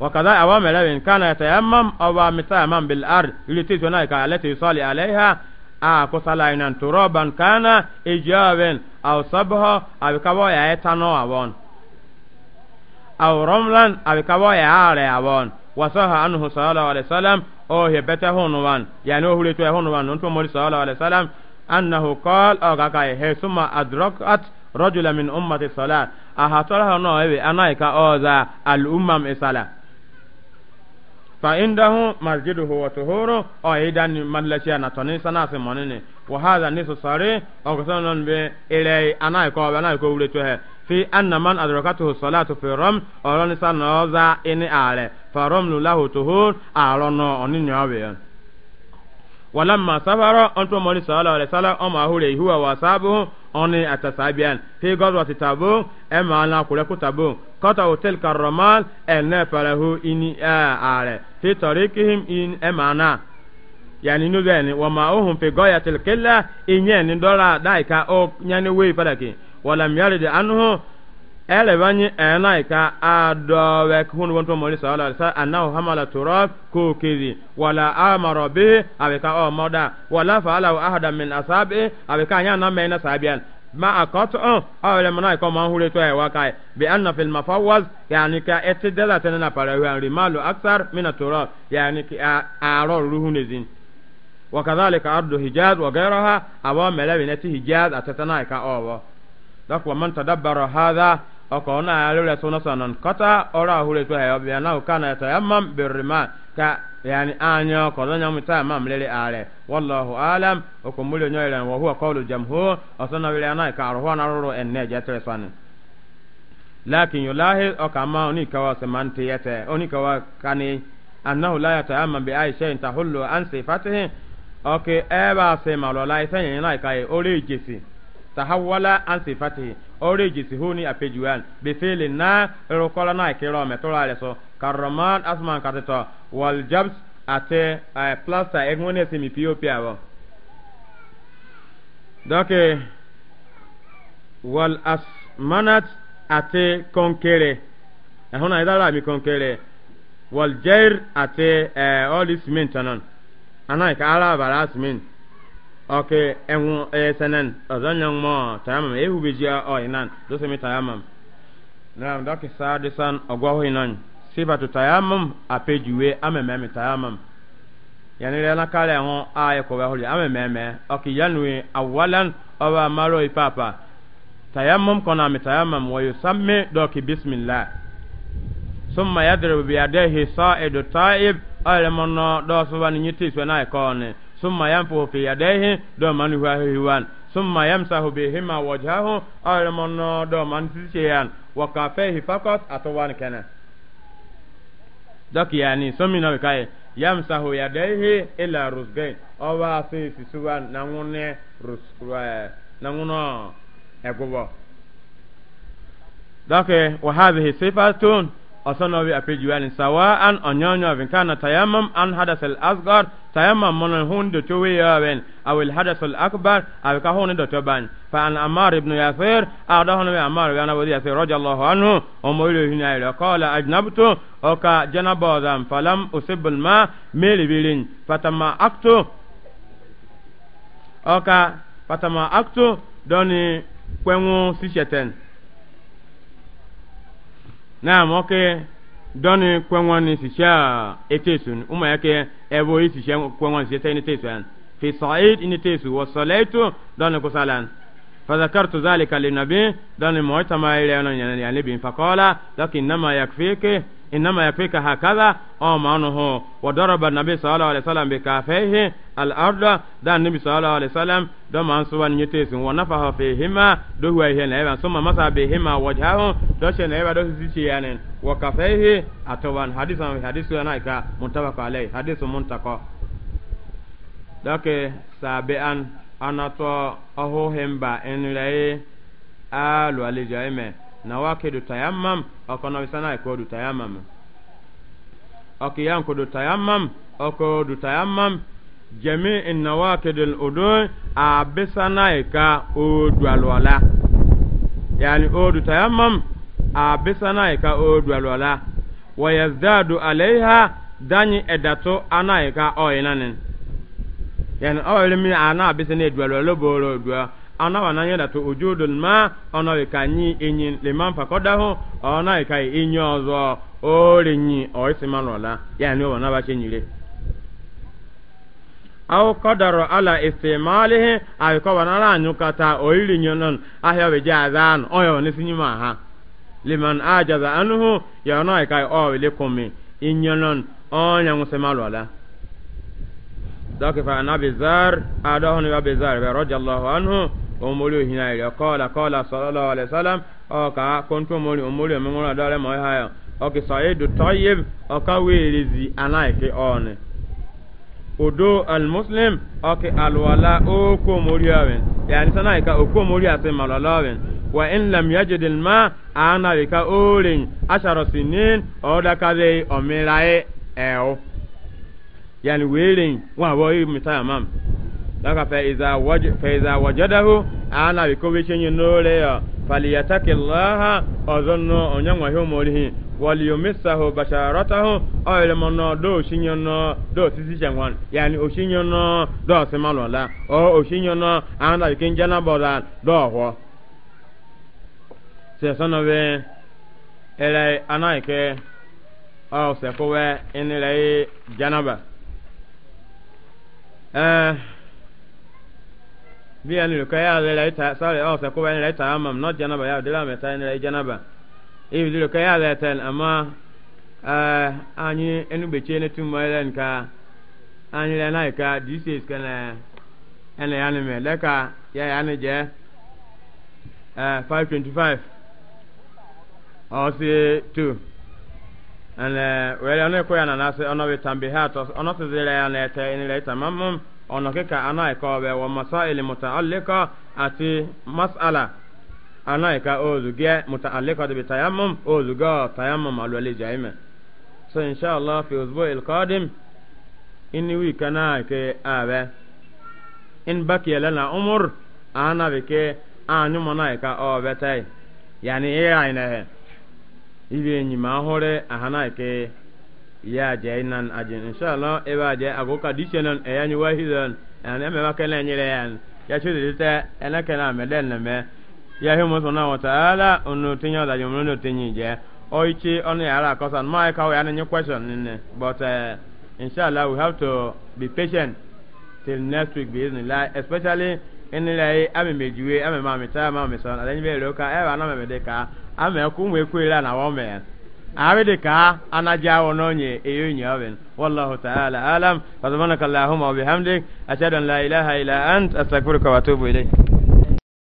وكذا أوامر إن كان يتيمم أو متيمم بالأرض التي تناك التي يصلي عليها أكسل آه، إن ترابا كان إجابا أو صبها أو كبايا يتنوى أبون أو رملا أو كبايا عالي أبون وصح عنه صلى الله عليه وسلم أو هي بيت هونوان يعني هو لتوى هونوان أنتم مولي صلى الله عليه وسلم أنه قال أو كاكاي هي ثم أدركت رجل من أمة الصلاة أهاتوله أنا أنايك أوزا الأمم الصلاة fa indahu masjiduhu wa tuhuru o idan mallaci ana toni sana se monene wa hadha nisu sare o gosonon be ile ana ko be ana ko wure to he fi anna man adrakatuhu salatu fi ram oron sana oza ini ale fa ramlu lahu tuhur arono oninyo be walamma safara onto mori sallallahu alaihi wasallam o ma hure huwa wa sabu oni atasabian fi gazwati tabu e ma na hotel karramal e ne falahu fi tarikihim in emana yani nu bɛni wa ma ohun fi goya tilkila inye ni dɔla dai ka o nyani wei padaki wala miyari de anuhu ɛlɛ ba nyi ɛnai ka a dɔwɛ hun wɔn tɔ mɔri sɔɔla sa anahu hamala turɔ k'o kiri wala amarɔ bihi a bɛ ka ɔ mɔda wala faala ahada min asabi a bɛ ka nyɛ na mɛn na sabiyan ma akɔtɔ ɔn awo lɛ mana ikɔ maa hure to a wa kai bi an nafil ma fa waz yaani ka ɛti dala tɛnɛ na para hu anri maalo aksar mina tora yaani ki a arɔ ruhu ne zin wa kadhalika ardu hijaz wa ghayraha awa mɛlɛ bi nɛti hijaz a tɛtɛna ka ɔwɔ dɔk wa man tadabbara hadha ɔkɔ na yɛrɛ lɛ sɔnɔ sɔnɔ kɔta ɔrɔ a hure to a yɔ bi anahu kana yani anya kɔlɔn nyɛ musa ma mlele are wallahu alam o ko mulyo nyɔ yɛlɛ wa huwa qawlu jamhur asana wele ana ka arho na roro enne je tere sane lakin yulahi o kama oni kawa samante yete oni kawa kani annahu la yata'amma bi aisha tahullu an sifatihi oke eba se malola isa yen na kai ore jesi tahawala an sifatihi ore jesi huni apejuan bi fili na rokola na kiro metolale so karraman asman katito wal jabs ate uh, plaster egwone semi pop abo doke wal asmanat ate konkere ehuna idala mi konkere wal jair ate uh, all this mint anan anai ka ala bara asmin oke enwu esenen eh, ozonyon mo tayamam ehubejia oinan oh, dosemi tayamam nam doke sadisan inan sifatu tayammum apejuwe amememe tayammum yani na kale ho aye ko ga holi amememe okiyanwe awalan oba maro ipapa tayammum kona mi tayammum wa yusammi doki bismillah summa yadrib bi yadayhi sa'idu ta'ib ale mono do so ban nyiti so na ikone summa yanfu fi yadayhi do manu wa hiwan summa yamsahu bihima wajhahu ale mono do man tisiyan wa kafehi faqat atwan kana dɔki yaani sɔmi na ka ye yamsahu yadaihi ila rusgain ɔba se sisuwa nangunɛ rus ɛɛ nangunɔ ɛgubɔ dɔki wa hadhihi sifatun osono wi apeji wani sawa an onyonyo vin kana tayammum an hadas al asgar tayammum mon hun do to yawen aw hadas al akbar aw ka hun do to ban fa an amar ibn yasir ada hun amar wa ana wadi yasir radiyallahu anhu o mo ile hin ayra qala ajnabtu o ka janaba zam falam usib al ma meli bilin fatama aktu o ka fatama aktu doni kwenwu sisheten naam oke doni kwengwani sisha etesun uma yake ebo yi sisha kwengwani sisha ini tesun fi sa'id ini tesu wa salaitu doni kusalan فذكرت ذلك للنبي دون مويتا ni إلي أنا يعني بين فقال لكن نما يكفيك إنما يكفيك هكذا أو ما أنه وضرب النبي صلى الله عليه وسلم بكافيه الأرض دا النبي صلى الله عليه وسلم دم عن سوى نيتيس ونفخ فيهما دهو هي نعيبا ثم مسح بهما وجهه دوش نعيبا دوش زيشي يعني وكافيه أتوان حديث عن حديث ينايكا متفق عليه حديث منتقى دوك سابعا أنا تو أهو همبا إن لأي آل والجائمة nawakidu tayammam okono bisana ko du tayammam okiyan ko du tayammam oko du tayammam jami in nawakidul udu a bisana ka odu alwala yani odu tayammam a bisana ka odu alwala wa yazdadu alaiha dani edato ana anaika oyinanin yani oyilmi ana bisana edu alwala boro dua ana wa nanye da to ojudul ma ona we ka nyi enyi le man koda enyi ozo o nyi o isi manola ya ni na ba che nyire aw qadara ala istimalihi ay ko wanala anyukata o iri nyonon ahia we jazan o yo ni sinyima ha liman ajaza anhu ya ona ka o we le komi inyonon o nyangu omori ohina ire kọla kọla sallallahu alaihi wasallam ọka kọntu omori omori ha odo omori ọwìn yàrá sanáìka òkú omori àti malọlọwìn wa in lam yajid ana rika orin ashara sinin oda kare omiraye ewo yani werin wa daga faiza waj faiza ana bi ko wichenye nole ya faliyataki allaha ozonno onyanwa hi omorihi waliyomisahu basharatahu oyele mono do oshinyono do sisi changwan yani nọ do simalola o oshinyono ana bi kinjana boda do bi an lu kaya le lai ta sare o sa ko ba lai ta amam no janaba ya dila me ta ni lai janaba e lu kaya le ta amma eh anyi enu be che ne tu ma le anyi le nai ka this is kana ene ya ne me le ya ya ne je 525 o si 2 and uh, well, I know you're not going to be hurt. I'm not going to be hurt. ọ̀nà kíkà anáìka ọ̀bẹ wọ masáìlì mùtàálíkà ati masala anáìka òzùgẹ́ mùtàálíkà dìbì tayamum òzùgẹ́ tayamum alwẹ̀lẹ̀ jaime so insha Allah fi òzùgbò ilkọ́dìm inni wí kaná ke abe in bákì yẹlẹ na ana anabi ke anyu mọnáìka ọ̀bẹ tẹ́ yàní ìyá e ìnẹ̀hẹ̀ ibe enyimá hore ahanaike ya je nan ajin inshallah e ba je ago ka dishenan e yani wahidan an e me ba kana nyire yan ya shi ta ana kana me den na me ya hi mo sona wa taala onu tinya da jomo no tinyi je oichi onu yara kosan mai ka wa any question ne but uh, inshallah we have to be patient till next week bi iznillah especially in lai ame mejuwe ame ma me ta ma me son adanyi be roka e ba na me de ka ame ku mu ekwela na wo me عبدك أنا جاو نوني إيوني أبن والله تعالى أعلم فضمنك اللهم وبحمدك أشهد أن لا إله إلا أنت أستغفرك وأتوب إليك